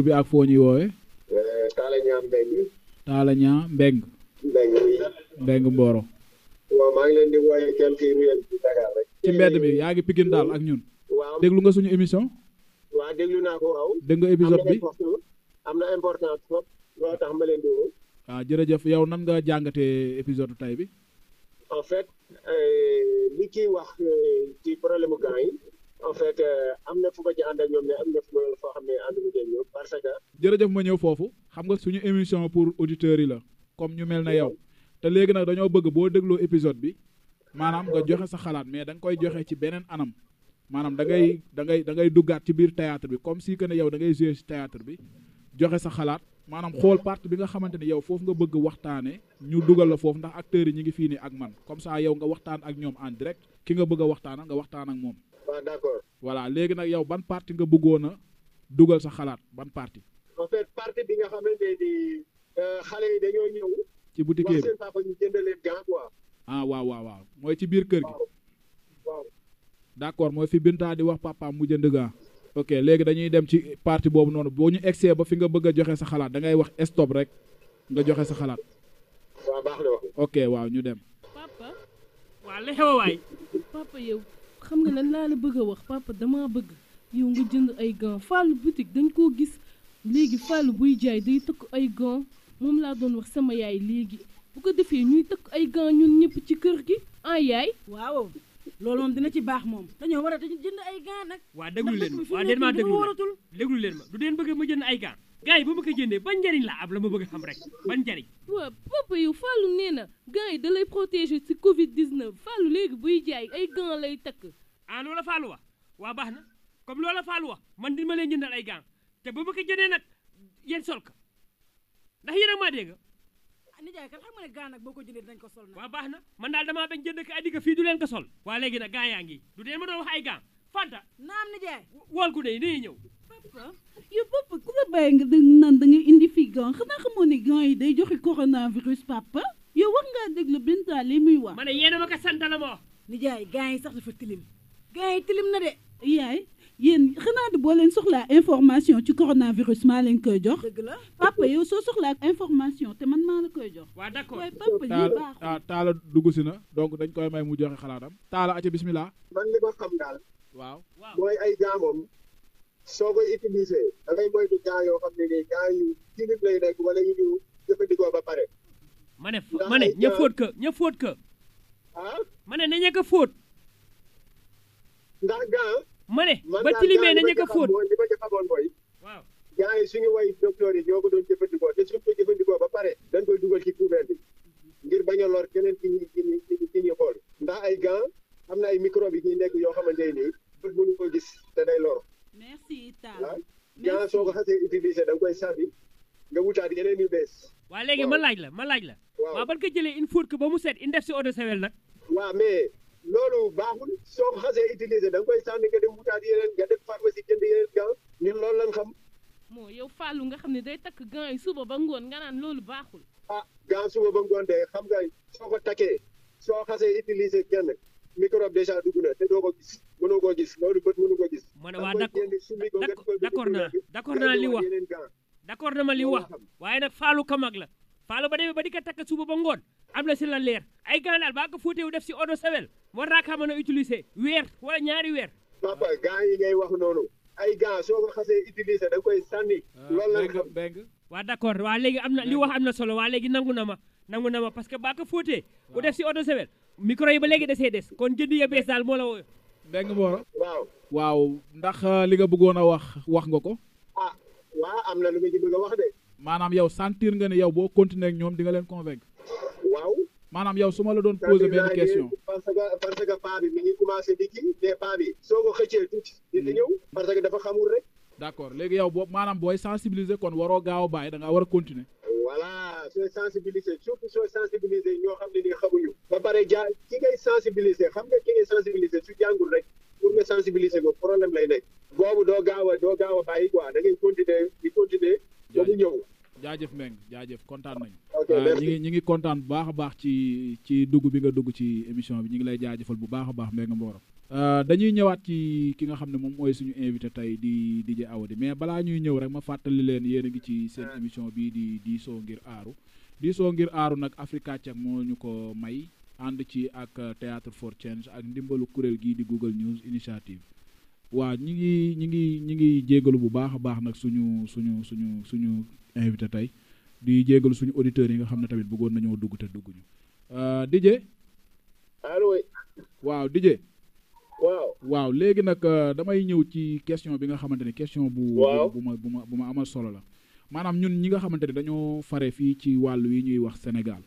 bi ak foo ñuy woowee. Eh, Talla Niang Mbengue. Talla Niang Mbengue. leen di woowee quelques ruelles ci mbedd mi yaa ngi Pikine daal ak ñun. waaw déglu nga suñu émission. waaw déglu naa ko waaw. dégg nga épisode bi am tax ma leen ah, jërëjëf yow nan nga jàngatee épisode tay bi. Euh, li kii wax euh, ci problème mu gants yi en fait euh, am na fu ma ci ànd ak am na fu ma foo xam que. jërëjëf ma ñëw foofu xam nga suñu émission pour auditeurs yi la comme ñu mel na yow te léegi nag dañoo bëgg boo dégloo épisode bi maanaam nga joxe sa xalaat mais da nga koy joxe ci beneen anam. maanaam da ngay da ngay da ngay duggaat ci biir théâtre bi comme si que ne yow da ngay jouer ci théâtre bi joxe sa xalaat maanaam xool partie bi nga xamante ni yow foofu nga bëgg waxtaane ñu dugal la foofu ndax acteurs yi ñu ngi fii nii ak man comme ça yow nga waxtaan ak ñoom en direct ki nga bëgg a waxtaanal nga waxtaan ak moom. waaw d'accord. voilà léegi nag yow ban partie nga bëggoon a dugal sa xalaat ban partie. bi nga xamante ni euh, xale ci boutique bi ah waaw waaw waaw mooy ci biir kër gi. waaw. d'accord mooy fi Binta di wax papaam mu jënd gant. ok léegi dañuy dem ci partie boobu noonu boo ñu egsee ba fi nga bëgg a joxe sa xalaat da wax stop rek nga joxe sa xalaat. waaw ok waaw ñu dem. papa waaw li xew waay. papa yow xam nga lan laa la bëgg a wax papa dama bëgg yow nga jënd ay gants Fallou boutique dañ koo gis léegi Fallou buy jaay day tëkk ay gants moom laa doon wax sama yaay léegi bu ko defee ñuy tëkk ay gants ñun ñëpp ci kër gi ah yaay. waaw. loolu moom dina ci baax moom dañoo war a jënd ay gants nag. waa déglu leen ma waa den maa déglu ma déglu leen ma du deen bëgg ma jënd ay gants. gars yi ba ma ko jëndee ban njariñ la am la ma bëgg xam rek ban njariñ. waaw papa yow Fallou nee na gants yi da lay protéger si Covid 19 Fallou léegi buy jaay ay gants lay takk. ah loola Fallou wax waa baax na comme loola Fallou wax man dina ma leen jëndal ay gaan te ba ma ko jëndee nag yéen sol ko ndax yéen a maa dégg nijaay kat xam nga ne gaa nag boo ko jëndee dinañ ko sol na waaw baax na man daal damaa bañ jënd ko adika fii du leen ko sol waa léegi nag gaa yaa ngi du deen ma doon wax ay gaa fanta naam nijaay wool ku ne nii ñëw yow papa ku la bàyyi nga naan da nga indi fii gan xanaa xamoo ne gan yi day joxe coronavirus papa yow war ngaa déglu Binta li muy wax ma ne yéena ma ko santa la ma wax nijaay gaa yi sax dafa tilim gaa yi tilim na de yaay yéen malade boo leen soxlaa naa ci coronavirus maa leen koy jox. dëgg la man maa koy jox. waaw d'accord papa lii baaxul taala ah, taala dugg si na donc dañ koy may mu joxe xalaatam. taala aca bismillah man li ma xam naa waaw mooy ay jaamoom. soo koy utiliser da ngay moytu gaa yoo xam ba pare. ma ne ma ña fóot ka ña fóot ka. ah ma ña ka fóot. ma ne ba tilimee nañu ko fóot ma ci xamoon mooy waaw gars yi suñu way docteur yi ñoo ko doon jëfandikoo te suñu ko jëfandikoo ba pare dañ koy dugal ci poubelle bi ngir bañ a lor keneen ci ñi xool ndax ay gants am na ay microbe yi ñuy nekk yoo xamante nii bët mënu ko gis te day lor merci Talla ah, gants soo ko xasee utilisé da nga koy sànni nga wutaat yeneen yu bees waa léegi ma laaj la ma laaj la waaw ban ko jëlee une fóot ko ba mu set une def si eau de nag waaw mais loolu baaxul soo xasee utiliser da nga koy sànni nga dem wutaat yeneen nga def pharmacie jënd yeneen gants ñun loolu lañ xam. moo yow Fallou nga xam ne day takk gants yi suba ba ngoon nga naan loolu baaxul. ah gants suba ba ngoon de xam nga soo ko takkee soo xasee utiliser kenn microbe déjà dugg na te doo ko gis mënoo koo gis loolu bët mënu ko gis. ma ne waa d'accord d'accord naa d'accord naa li wax d'accord na ma li wax waaye nag Fallou Kamag la. faalo ba demee ba di ko takk suba ba ngoon am na si la leer ay gants daal baa ko fóotewu def si eau de Javel war naa kaa mën weer wala ñaari weer. papa gants yi ngay wax noonu ay gants soo ko xasee utiliser da koy sànni. Ah, loolu la xam waa d'accord waa léegi am na li wax am na solo waa léegi nangu na ma nangu na ma parce que baa ko fóotee. bu def si eau de yi ba léegi desee des kon jënd ya bees daal moo la woo. dégg nga Mboro. waaw waaw ndax uh, li nga bëggoon a wax wax nga ko. ah waa maanaam yow sentir nga ne yow boo continuer ñoom di nga leen convaincre. waaw. maanaam yow suma la doon poser benn question. parce que parce que paa bi mi ngi commencé di kii mais paa soo ko xëccee tuuti. dina hmm. ñëw parce que dafa xamul rek. d' léegi yow boobu maanaam booy sensibiliser kon waroo gaaw a bàyyi da ngaa war a continuer. voilà sooy sensibiliser surtout sooy sensibiliser ñoo xam ne ni xamuñu. ba pare ja ki xam nga ki ngay sensibiliser su rek pour nga sensibiliser ko problème lay nekk. boobu doo gaaw a doo gaaw a bàyyi quoi da ngay continuer di continuer. ba mu ñëw. jaajëf Mbengue jaajëf kontaan nañ euh, ñi ngi ñi ngi kontaan bu baax a baax ci ci dugg bi nga dugg ci émission bi ñu ngi lay jaajëfal bu baax a baax Mbengue Mboro euh, dañuy ñëwaat ci ki nga xam ne moom mooy suñu invité tey di DJ Awadi mais balaa ñuy ñëw rek ma fàttali leen yéen a ngi ci seen émission bii di diisoo ngir aaru diisoo ngir aaru nag Africa Check moo ñu ko may ànd ci ak Théâtre for Change ak ndimbalu kuréel gii di Google News Initiative waaw ñu ngi ñu ngi ñu ngi jégalu bu baax a baax nag suñu suñu suñu suñu invité tey di jégalu suñu auditeurs yi nga xam ne tamit bëggoon nañoo dugg te dugg ñu euh, DJ. allo. waaw DJ. waaw waaw léegi nag euh, damay ñëw ci question bi nga xamante ne question bu. bu ma bu ma bu ma amal solo la. maanaam ñun ñi nga xamante ni dañoo fare fii ci wàll yi ñuy wax Sénégal.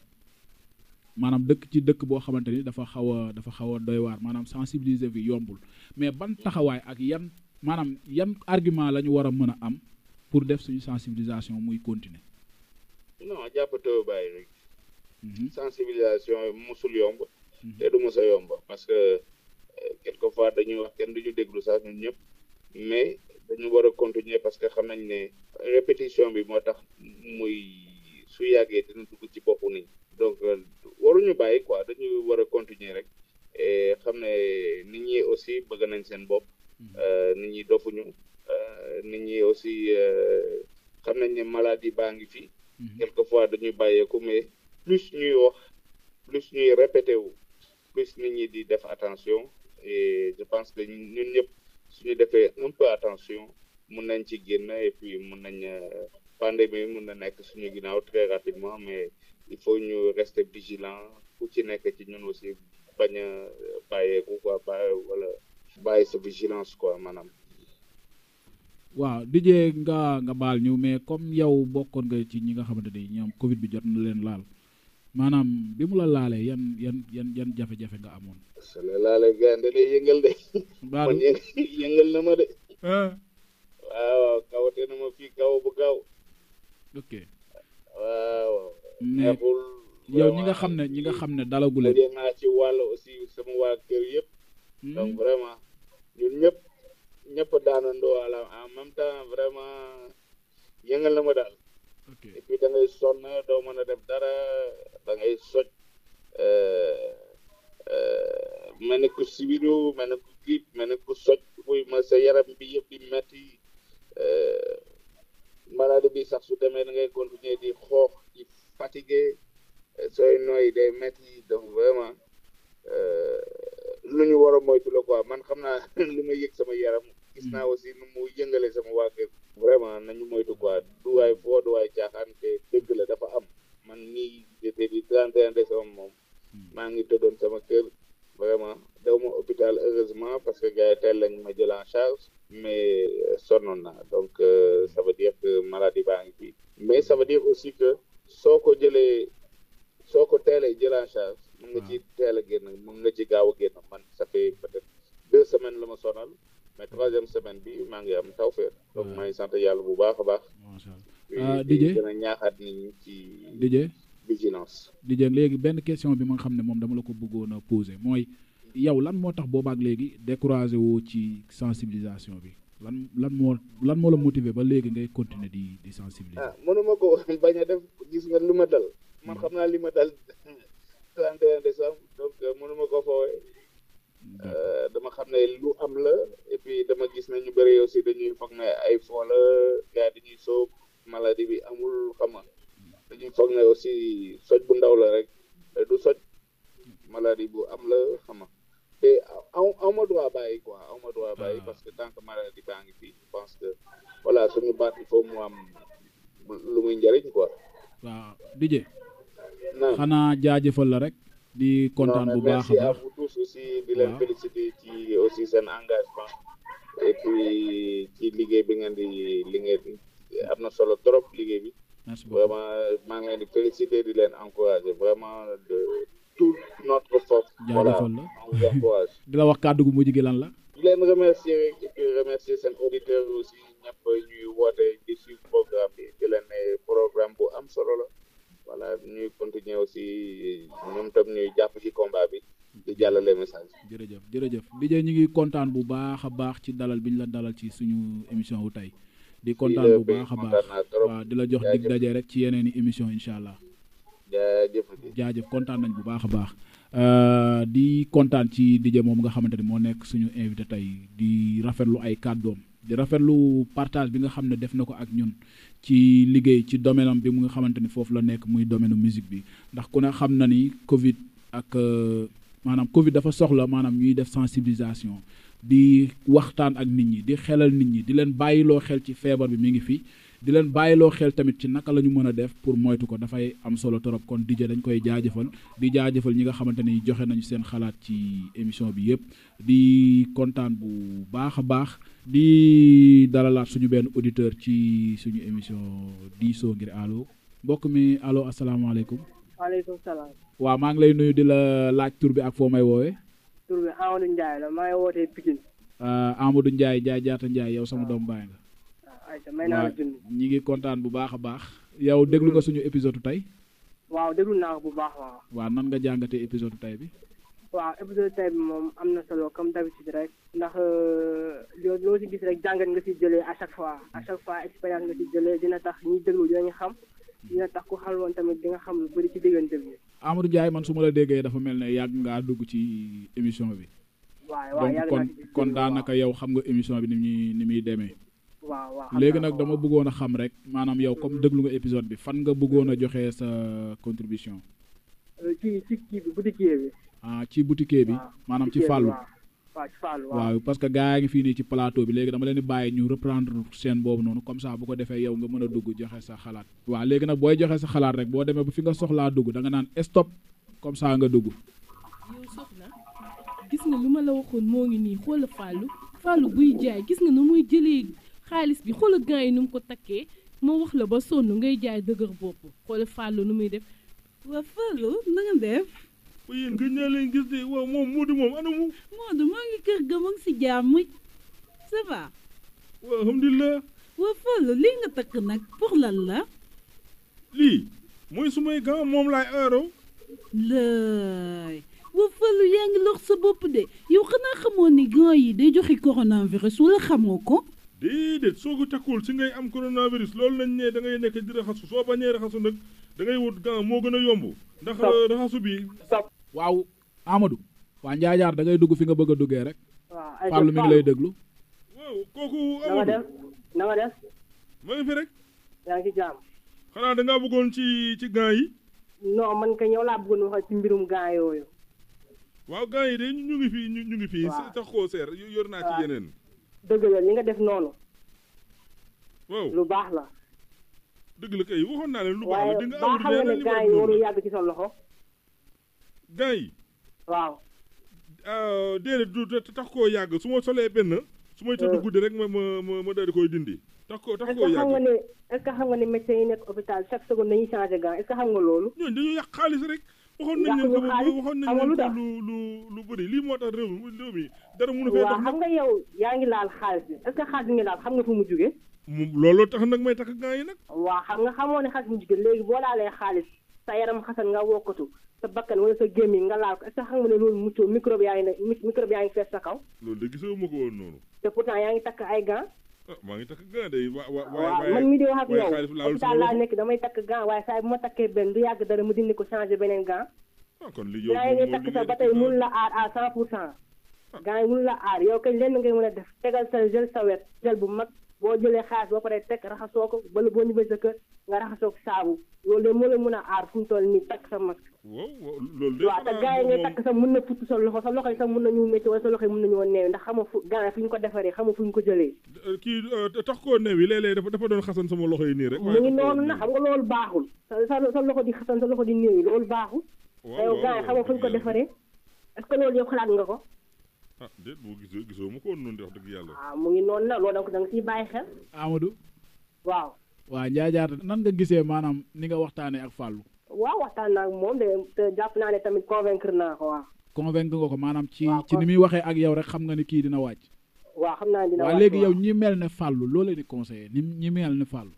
maanaam dëkk ci dëkk boo xamante ni dafa xaw a dafa xaw a doy waar maanaam sensibiliser bi yombul mais ban taxawaay ak yan maanaam yan argument la ñu war a mën a am pour def suñu sensibilisation muy continuer. non jàppatoo bàyyi rek. Mhm. sensibilisation mosul yomb. Mhm. te du mos yomb parce que euh, quelque fois dañuy wax kenn duñu déglu sax ñun ñëpp mais dañu war a continuer parce que xam nañ ne répétition bi moo tax muy su yàggee dina dugg ci boppu nit donc euh, waruñu bàyyi quoi dañuy war a continuer rek et xam ne nit ñi aussi bëgg nañ seen bopp. Mhm. Euh, nit ñi dofuñu euh, nit ñi aussi xam nañ ne maladie baa ngi fi. Mhm. quelquefois dañuy bàyyeeku mais plus ñuy wax plus ñuy répété wu plus nit ñi di def attention et je pense que ñun ñëpp suñu defee un peu attention mun nañ ci génn et puis mun nañ pandémie mun na nekk suñu ginnaaw très rapidement mais. il faut ñu rester vigilant ku ci nekk ci ñun aussi bañ a bàyyeeku quoi bàyyi wala bàyyi sa vigilance quoi maanaam. waaw Didier nga nga baal ñu mais comme yow bokkoon nga ci ñi nga xamante ni ñoom Covid bi jot na leen laal maanaam bi mu la laalee yan yan yan yan jafe-jafe nga amoon. su la laalee gaynde day yëngal de. baal man yëngal na ma de. Ah. waaw kawate na ma fii kaw bu gaaw. ok. waaw. mais yow ñi nga xam ne ñi nga xam ne dalaguleen. naa ci wàll aussi sama waa kër yëpp. Hmm? donc vraiment ñun ñëpp ñëpp daanandoo ala en même temps vraiment yëngal na ma daal. ok et puis da ngay mën a def dara da ngay soj. Euh, euh, mel ni ku sibiru mel ni ku grippe mel ni ku soj buy ma sa yaram bi yëpp di metti euh, maladie bi sax su demee da ngay continuer di xoox fatigué euh, sooy nooy day métti donc vraiment euh, lu ñu war a moytu la quoi man xam naa li ma yëg sama yaram. gis hmm. naa aussi nu mu yëngalee sama waa kër. vraiment nañu moytu quoi duwaay foo duwaay caaxaan te dëgg la dafa am man nii j'étais du 31 moom. Hmm. maa ngi tëddoon sama kër. vraiment te ma hôpital heureusement parce que gars yi teel ma jël en charge. mais euh, sonnoon na donc ça veut dire que maladie baa ngi fi. mais sa veut aussi que. soo ko jëlee soo ko teelee jël en charge nga ci teel a génn mën nga ci gaaw a génn man ça fait peut-être deux semaines la ma sonal mais troisième semaine bi maa ngi am tawfeex donc maa sant yàlla bu baax a baax euh, Didier gën a ñaaxaat nit ñi ci Didier vigilance Didier léegi benn question bi ma nga xam ne moom dama la ko bëggoon a poser mooy yow lan moo tax boobaak léegi découragé woo ci sensibilisation bi lan lan moo lan moo la motiver ba léegi ngay continuer di di sensibiliser. ah mënuma ko bañ a def gis nga lu ma dal. man xam naa li ma dal 31 décembre donc euh, mënuma ko foowee. Euh, dama xam ne lu am la et puis dama gis ne ñu bëri aussi dañuy foog na ay foo la gars dañuy soob maladie bi amul xam nga dañuy foog na aussi soj bu ndaw la rek du soj maladie bu am la xam te aw aw ma droit bàyyi quoi aw ma droit bàyyi parce que tant que maladie baa ngi fii je pense que voilà suñu baat il faut mu am lu muy njëriñ quoi. waaw Didier. naam xanaa jaajëfal rek. di kontaan bu baax a baax merci à féliciter ci aussi seen engagement. et ci liggéey bi ngeen di liggéey am na solo trop liggéey bi. maa ngi leen di leen encourager vraiment tout notre force. voilà di la wax kàddu gu mujj gi lan la. di leen remercier rek di remercier seen auditeurs aussi ñëpp ñuy woote di suivre programme bi di leen ne programme bu am solo la voilà ñuy continuer aussi ñoom tam ñuy jàpp ci combat bi. di jàllalee message jërëjëf jërëjëf DJ ñu ngi kontaan bu baax a baax ci dalal bi ñu la dalal ci suñu émission wu tey di kontaan bu baax a baax waaw di la jox dig daje rek ci yeneen i émission incha allah jaajëf jaajëf kontaan nañ bu baax a baax euh, di kontaan ci DJ moom mu nga xamante ni moo nekk suñu invité tey di rafetlu ay kàddoom di rafetlu partage bi nga xam ne def na ko ak ñun ci liggéey ci domaine bi mu nga xamante ni foofu la nekk muy domaine musique bi ndax ku ne xam na ni Covid ak euh, maanaam Covid dafa soxla maanaam ñuy def sensibilisation di waxtaan ak nit ñi di xelal nit ñi di leen bàyyiloo xel ci feebar bi mi ngi fi. di leen bàyyiloo xeel tamit ci naka la ñu mën a def pour moytu ko dafay am solo torop kon DJ dañ koy jaajëfal di jaajëfal ñi nga xamante ni joxe nañu seen xalaat ci émission bi yëpp di kontaan bu baax a baax di dalalaat suñu benn auditeur ci suñu émission di diisoo ngir allo mbokk mi allo asalaamaaleykum. waaleykum salaam. waaw maa ngi lay nuyu di la laaj tur bi ak foo may woowe tur bi Amadou Ndiaye la maa ngi jaata euh, Ndiaye yow sama doomu baay nga. waaw ñi ngi kontaan bu baax a baax. yow déglu nga suñu épisode tey. waaw déglu naa bu baax waaw. waaw nan nga jàngatee épisode tey bi. waaw épisode tey bi moom am na solo comme d'habitude rek. ndax euh, loo loo si gis rek jàngat nga jëlee à chaque fois à chaque fois expérience nga si jëlee dina tax ñuy déglu dinañu xam. dina ku xal woon tamit nga xam lu bëri ci diggante bi. Amadou Ndiaye man su ma la déggee dafa mel ne yàgg ngaa dugg ci émission bi. waaw waaw yàgg kon daanaka yow xam nga émission bi ni muy ni muy demee. waaw léegi nag dama bëggoon a xam rek maanaam yow comme déglu nga épisode bi fan nga bëggoon a joxe sa contribution. Euh, ci ci kii bi boutiquier ah, ci boutiquier bi. maanaam ci Fallou. waaw parce que gaa ngi fi nii ci palaato bi léegi dama leen di bàyyi ñu reprendre seen boobu noonu comme ça bu ko defee yow nga mën a dugg joxe sa xalaat. waa léegi nag booy joxe sa xalaat rek boo demee bu fi nga soxlaa dugg danga naan stop comme ça nga dugg. yow gis nga lu ma la waxoon moo ngi nii xoola Fallou Fallou xaalis bi xoola gants yi nu mu ko takkee ma wax la ba sonn ngay jaay dëgër bopp xoola fàllu nu muy def waa fàllu na nga def yéen gëj naa leen gis de waaw moom Modou moom anamu moo ngi kër ga mu ngi si lii nga takk nag pour lan la lii mooy su may gants moom laay aaroo laay waa fàllu yaa ngi lox sa bopp de yow xanaa xamoo ni gants yi day joxe coronavirus wala xamoo ko déedéet soo ko takkuwul si ngay am coronavirus loolu lañ ne dangay ngay nekk di raxasu soo bañee raxasu nag da ngay wut gan moo gën a yomb ndax euh, raxasu bi waaw Amadou waa njaajaar da ngay dugg fi nga bëgg a duggee rek Fallou mi ngi lay déglu waaw kooku Amadou na def ma fi rek yaa ngi ci jàmm xanaa dangaa bëggoon ci ci gan yi non man kay ñëw laa bëggoon wax ci mbirum gan yooyu waaw gan yi de ñu ngi fii ñu ngi fii sax koo seer yor naa ci yeneen dëgg la li nga def noonu. waaw lu baax la. dëgg la kay waxoon naa leen lu baax la di nga am lu ne gaa yi warul yàgg ci sa loxo. gaa yi. waaw. Euh, déedéet du tax koo yàgg su ma solee benn. su may tëdd euh. guddi rek ma ma ma ma daal di koy dindi. tax ko tax koo yàgg est-ce que xam nga ne est-ce que xam nga ne médecin yi nekk hôpital chaque seconde dañuy changer gant est-ce que xam nga loolu. ñooñu dañoo yàq xaalis rek. waxoon nañu ko waxoon nañu ko lu lu lu bëri lii moo tax réew mi réew mi dara mënu fee waaw xam nga yow yaa ngi laal xaalis bi est-ce que xaalis bi nga laal xam nga fu mu jógee looloo tax nag may tax gaa yi nag waaw xam nga xamoo ne xaalis mu jógee léegi boo laalee xaalis sa yaram xasan nga wokkatu sa bakkan wala sa gémmiñ nga laal ko est-ce que xam nga ne loolu muccoo microbe yaa ngi ne microbe yaa ngi fees sa kaw loolu de gisoo ma ko woon noonu te pourtant yaa ngi takk ay gants maa ngi takk gant de waaw man mi di wax ak yow hôpital laa nekk damay takk gant waaye saa bu ma takkee benn du yàgg dara mu dindi ko changé beneen gant ah, kon li yow gant yi ngay takk sax ba tey mënu la aar à cent pour cent ah. gant yi mun la aar yow kañ lenn ngay mën a def tegal sa gel sa wet bu mag boo jëlee xaalis boo pare teg raxasoo ko bala boo ñibbee sa kër nga raxasoo ko saabu loolu de moo la mën a aar fu mu toll nii takk sa masque waaw waaw loolu de. waaw te na futt loxo yi sax mën nañu métti wala sa loxo yi mën nañoo néew ndax xama fu gars yi ñu ko defaree xama fu ñu ko jëlee. Euh, kii euh, tax koo néew yi léeg-léeg dafa dafa doon xasan sama loxo yi nii rek. mu na xam nga loolu baaxul. sa sa loxo di xasan sa loxo di néew yi loolu baaxul. waaw waaw gars yi xama que loolu yow xalaat nga ko. ah déet boo gisoo gisoo ah, ngi noonu la loolu donc da nga siy bàyyi xel. Amadou. waaw. waa njaajaar nan nga gisee maanaam ni nga waxtaanee ak Fallou waaw waxtaan naa ak moom de jàpp naa ne tamit convaincre naa ko waaw. convaincre nga ko maanaam ci ci ni muy waxee ak yow rek xam nga ni kii dina wàcc. waa xam naa dina wàcc léegi yow ñi mel ne Fallou loo leen di conseillé ni ñi mel ne Fallou.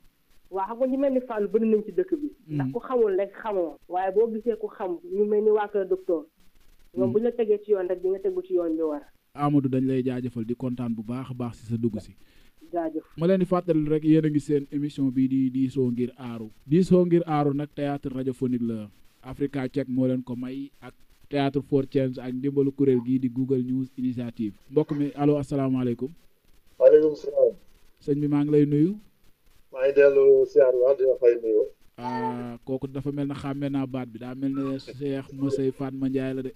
waaw xam nga ñu mel ni Fallou bëri nañ ci dëkk bi. Hmm. ndax ku xamul rek xamoo. waaye boo gisee ku xam ñu mel ni waa Kër Docteur. Hmm. ñoom bu ñu tegee ci yoon rek bi nga tegu ci yoon bi war. Amadou dañ lay jaajëfal di kontaan bu baax baax si sa dugg si. jaajëf ma leen di fàttali rek yéen a ngi seen émission bi di diisoo ngir aaru diisoo ngir aaru nag théâtre radiophonique la Africa Check moo leen ko may ak théâtre for change ak ndimbalu kuréel gii di Google News Initiative mbokk mi allo asalaamaaleykum waaleykum salaam sëñ bi maa ngi lay nuyu ah, kooku dafa mel na xàmme naa baat bi daa mel ne Cheikh Moussa Fatma ma la la de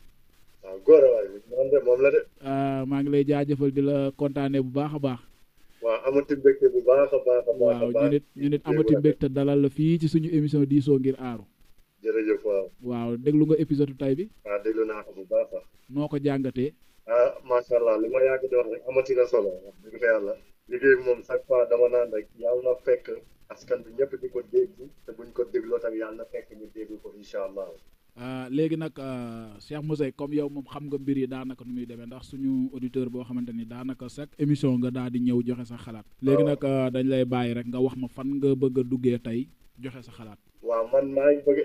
ah, ah, maa ngi lay jaajëfal di la kontaane bu baax a baax waaw amati mbégte bu baax a baax a baax. waaw ñu nit ñu nit amati mbégte dalal la fii ci suñu émission diisoo ngir aaru. jërëjëf waaw. waaw déglu nga épisode tay bi. waaw déglu naa ko bu baax a moo ko jàngatee. ah macha allah li ma yàgg di wax rek amati na solo wax dëgg fa yàlla. liggéey moom chaque fois dama naan rek yàlla na fekk askan bi ñëpp di ko dégg te buñ ko dégloo tamit yàlla na fekk ñu dégg ko incha allah. Euh, léegi nag euh, Cheikh Mousse comme yow moom xam nga mbir yi daanaka nu muy demee ndax suñu auditeur boo xamante ni daanaka chaque émission nga daal di ñëw joxe sa xalaat. léegi nag euh, dañ lay bàyyi rek nga wax ma fan nga bëgg a duggee tey joxe sa xalaat. waaw man maa ngi bëgg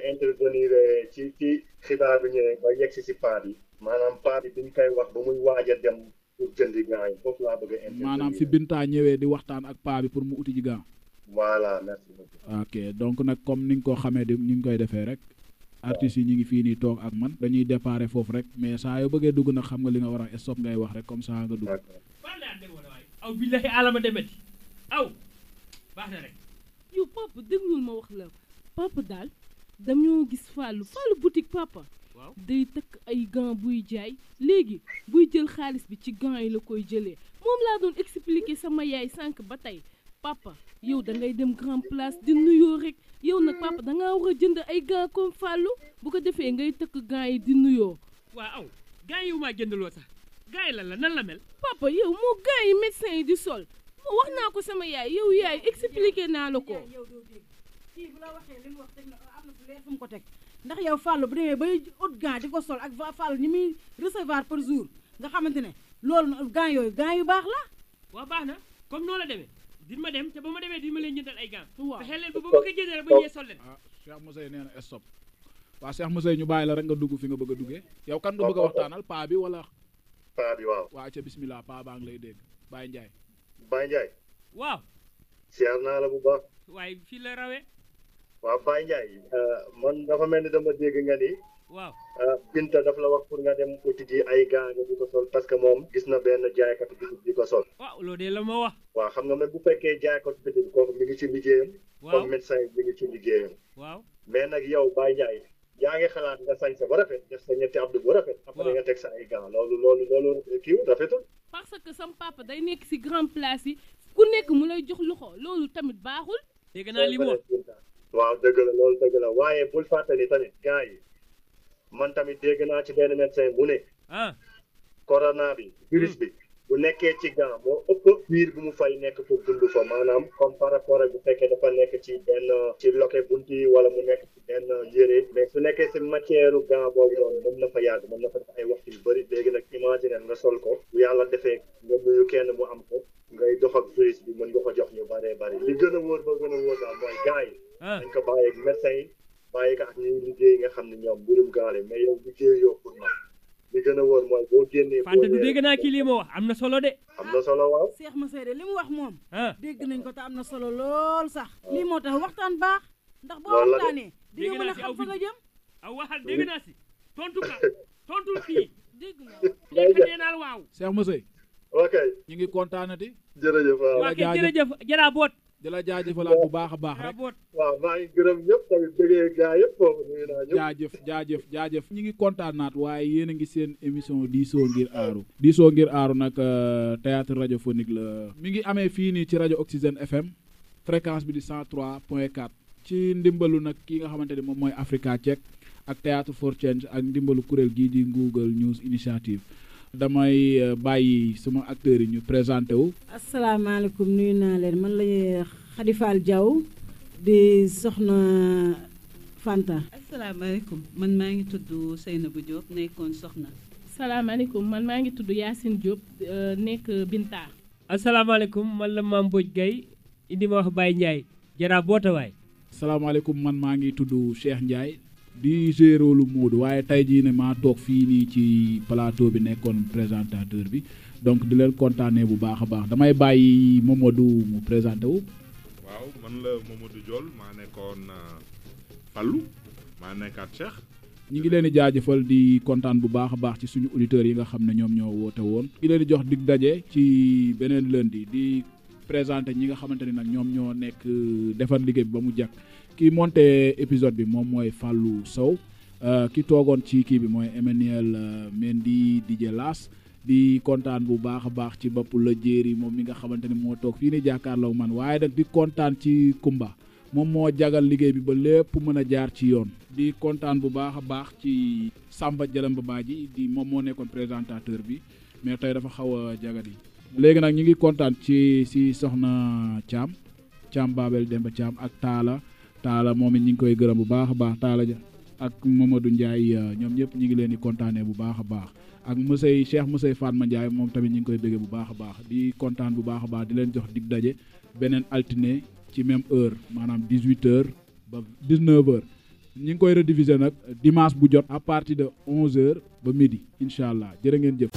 ci ci xibaar bi ñëwee si si paat yi. maanaam paat yi biñ koy wax ba muy waaj a dem pour jëndi gants yi foofu laa bëgg a. maanaam fi Binta ñëwee di waxtaan ak paa bi pour mu uti ji gants. voilà merci ok donc nag comme ni nga ko xamee di ni nga koy defee rek artistes yi ñu ngi fii nii toog ak man dañuy déparé foofu rek mais saa yoo bëggee dugg nag xam nga li nga war a stop ngay wax rek comme ça nga dugg. aw billahi alama demeti aw baax na rek. yow papa déglul ma wax la papa daal dañoo gis Fallou Fallou boutique papa. waaw day tëkk ay gants buy jaay léegi buy jël xaalis bi ci gants yi la koy jëlee moom laa doon expliquer sama yaay sànq ba tey. papa yow da ngay dem grand place di nuyoo rek yow na papa da ngaa a jënd ay gants comme Fallou bu ko defee ngay tëkk gants yi di nuyoo. waa aw gants yi maa jëndaloo sax gants yi lan la nan la mel. papa yow moo gants yi médecin yi di sol wax naa ko sama yaay yow yaay expliqué naa la ko. kii bu la waxee li mu wax ko teg ndax yow Fallou bu demee bay ut gants di ko sol ak Fallou ñi muy recevoir par jour nga xamante ne loolu na gants yooyu gants yu baax la. waa baax na comme noo la demee. din ma dem te ba ma demee di ma leen jëndal ay gants. waaw te xel leen ba ba ma ko jëndee rek ba ñëwee sol leen. ah Cheikh Moussa nee na stop waaw Cheikh Moussa ñu bàyyi la rek nga dugg fi nga bëgg a duggee. yow kan nga bëgg a waxtaanal paa bi wala. paa bi waaw. waa ca bismillah paa baa ngi lay dégg Baye Ndiaye. Baye Ndiaye. waaw. siyaar naa la bu baax. waaye fii la rawee. waaw Baye Ndiaye euh, man dafa mel ni dama dégg nga ni waaw euh, Binta daf la wax pour nga dem uti ji ay gaa nga di ko sol parce que moom gis na benn jaaykatu bitib di ko sol. waaw loolu de la ma wax. waaw xam na même bu fekkee jaaykatu bitib kooku mi ngi ci liggéeyam. waaw comme nag yow Baye Ndiaye. yaa ngi xalaat nga sañ sa ba rafet def sa ñetti abdu bu rafet. waaw après nga teg sa ay gaa loolu loolu loolu kii rafetul. parce que sam papa day nekk si grand place yi ku nekk mu lay jox loxo loolu tamit baaxul. dégg naa li mu waaw dëgg la loolu dëgg la waaye bul fàttali tamit gaa yi man tamit dégg naa ci benn médecin bu ne. Ah. corona bi virus bi. bu nekkee ci gant moo ëpp biir bu mu fay nekk pour dund fa maanaam comme par rapport ak bu fekkee dafa nekk ci benn ci loke bunti wala mu nekk ci benn yére mais su nekkee si matière gant boobu noonu mën na fa yàgg mën na fa def ay waxtu yu bëri léegi nag imaginer nga sol ko yàlla defee nga nuyu kenn mu am ko ngay dox ak bi mën nga ko jox ñu bëree bëri li gën a wóor ba gën a wóor daal yi dañ ah. ko bàyyi ko ak ñuy liggéey nga xam ne ñoom mbirum gaale mais yow liggéey yow pour man a boo génnee. fànn du dégg naa kii lii moo wax am na solo de. am na solo waaw. Ah, Cheikh Massiré li mu wax moom. Ah. dégg nañ ko te am na solo lool sax. Ah. lii moo tax waxtaan baax. ndax boo waxtaanee. dégg naa si aw a xam fa nga jëm. aw waxal dégg naa si tontu ka tontul fii. dégg naa dégg naa waaw. Cheikh Massiré. ok ñu ngi kontaanati. jërëjëf waaw jërëjëf jërëjëf jërëjëf di la jaajëfalaat bu baax a baax rek waaw maa ngi jaajëf jaajëf jaajëf ñi ngi kontaanaat waaye yéen a ngi seen émission diisoo ngir aaru diisoo ngir aaru nag euh, théâtre radiophonique la mi ngi amee fii nii ci rajo Oxygène FM fréquence bi di 103 point 4 ci ndimbalu nag ki nga xamante ni moom mooy Africa Check ak Théâtre for Change ak ndimbalu kuréel gii di Google News Initiative damay euh, bàyyi suma acteurs yi ñu présenté wu. asalaamaaleykum nuyu naa leen man la ñuy euh, Khady Fall Diaw di soxna Fanta. asalaamaaleykum man maa ngi tudd bu Diop nekkoon soxna. asalaamaaleykum man maa ngi tudd Yacine Diop euh, nekk Binta. asalaamaaleykum man la Mame Mbodj Gueye indi ma wax Baye Ndiaye. Jara bootawaay. asalaamaaleykum man maa ngi tudd Cheikh Ndiaye. di gérer lu Moodu waaye tey jii ne maa toog fii nii ci palaato bi nekkoon présentateur bi donc di leen kontaanee bu baax a baax damay bàyyi Momadou mu présenté wu. waaw man la du Diol maa nekkoon euh, Fallou maa nekkaat Cheikh. ñu ngi leen di jaajëfal di kontaan bu baax a baax ci suñu auditeurs yi nga xam ne ñoom ñoo woote woon. di leen di jox dig daje ci beneen lundi di présenté ñi nga xamante ne nag ñoom ñoo nekk euh, defar liggéey bi ba mu jàkk ki monté épisode bi moom mooy Fallou Sow euh, ki toogoon ci kii bi mooy Emmanuel euh, Mendy DJ Las di kontaan bu baax a baax ci bopp la jéeri moom mi nga xamante ne moo toog fii ni jàkkaarloog man waaye nag di kontaan ci Kumba moom moo jagal liggéey bi ba lépp mën a jaar ci yoon di kontaan bu baax a baax ci Samba Jalamba Badji di moom moo nekkoon présentateur bi mais tey dafa xaw a yi léegi nag ñu ngi kontaan ci si soxna Thiam Thiam Babel Demba Thiam ak Talla taala moom it ñu ngi koy gërëm bu baax a baax taala ja ak Mamadou Ndiaye euh, ñoom ñëpp ñu ngi leen di kontaanee bu baax a baax ak monsieur Cheikh monsieur Fatma Ndiaye moom tamit ñu ngi koy béggee bu baax a baax di kontaan bu baax baax di leen jox dig daje beneen altine ci même heure maanaam dix huit heures ba dix neuf heures ñu ngi koy rediviser nag dimanche bu jot à partir de onze heures ba midi incha allah jërë ngeen jëf.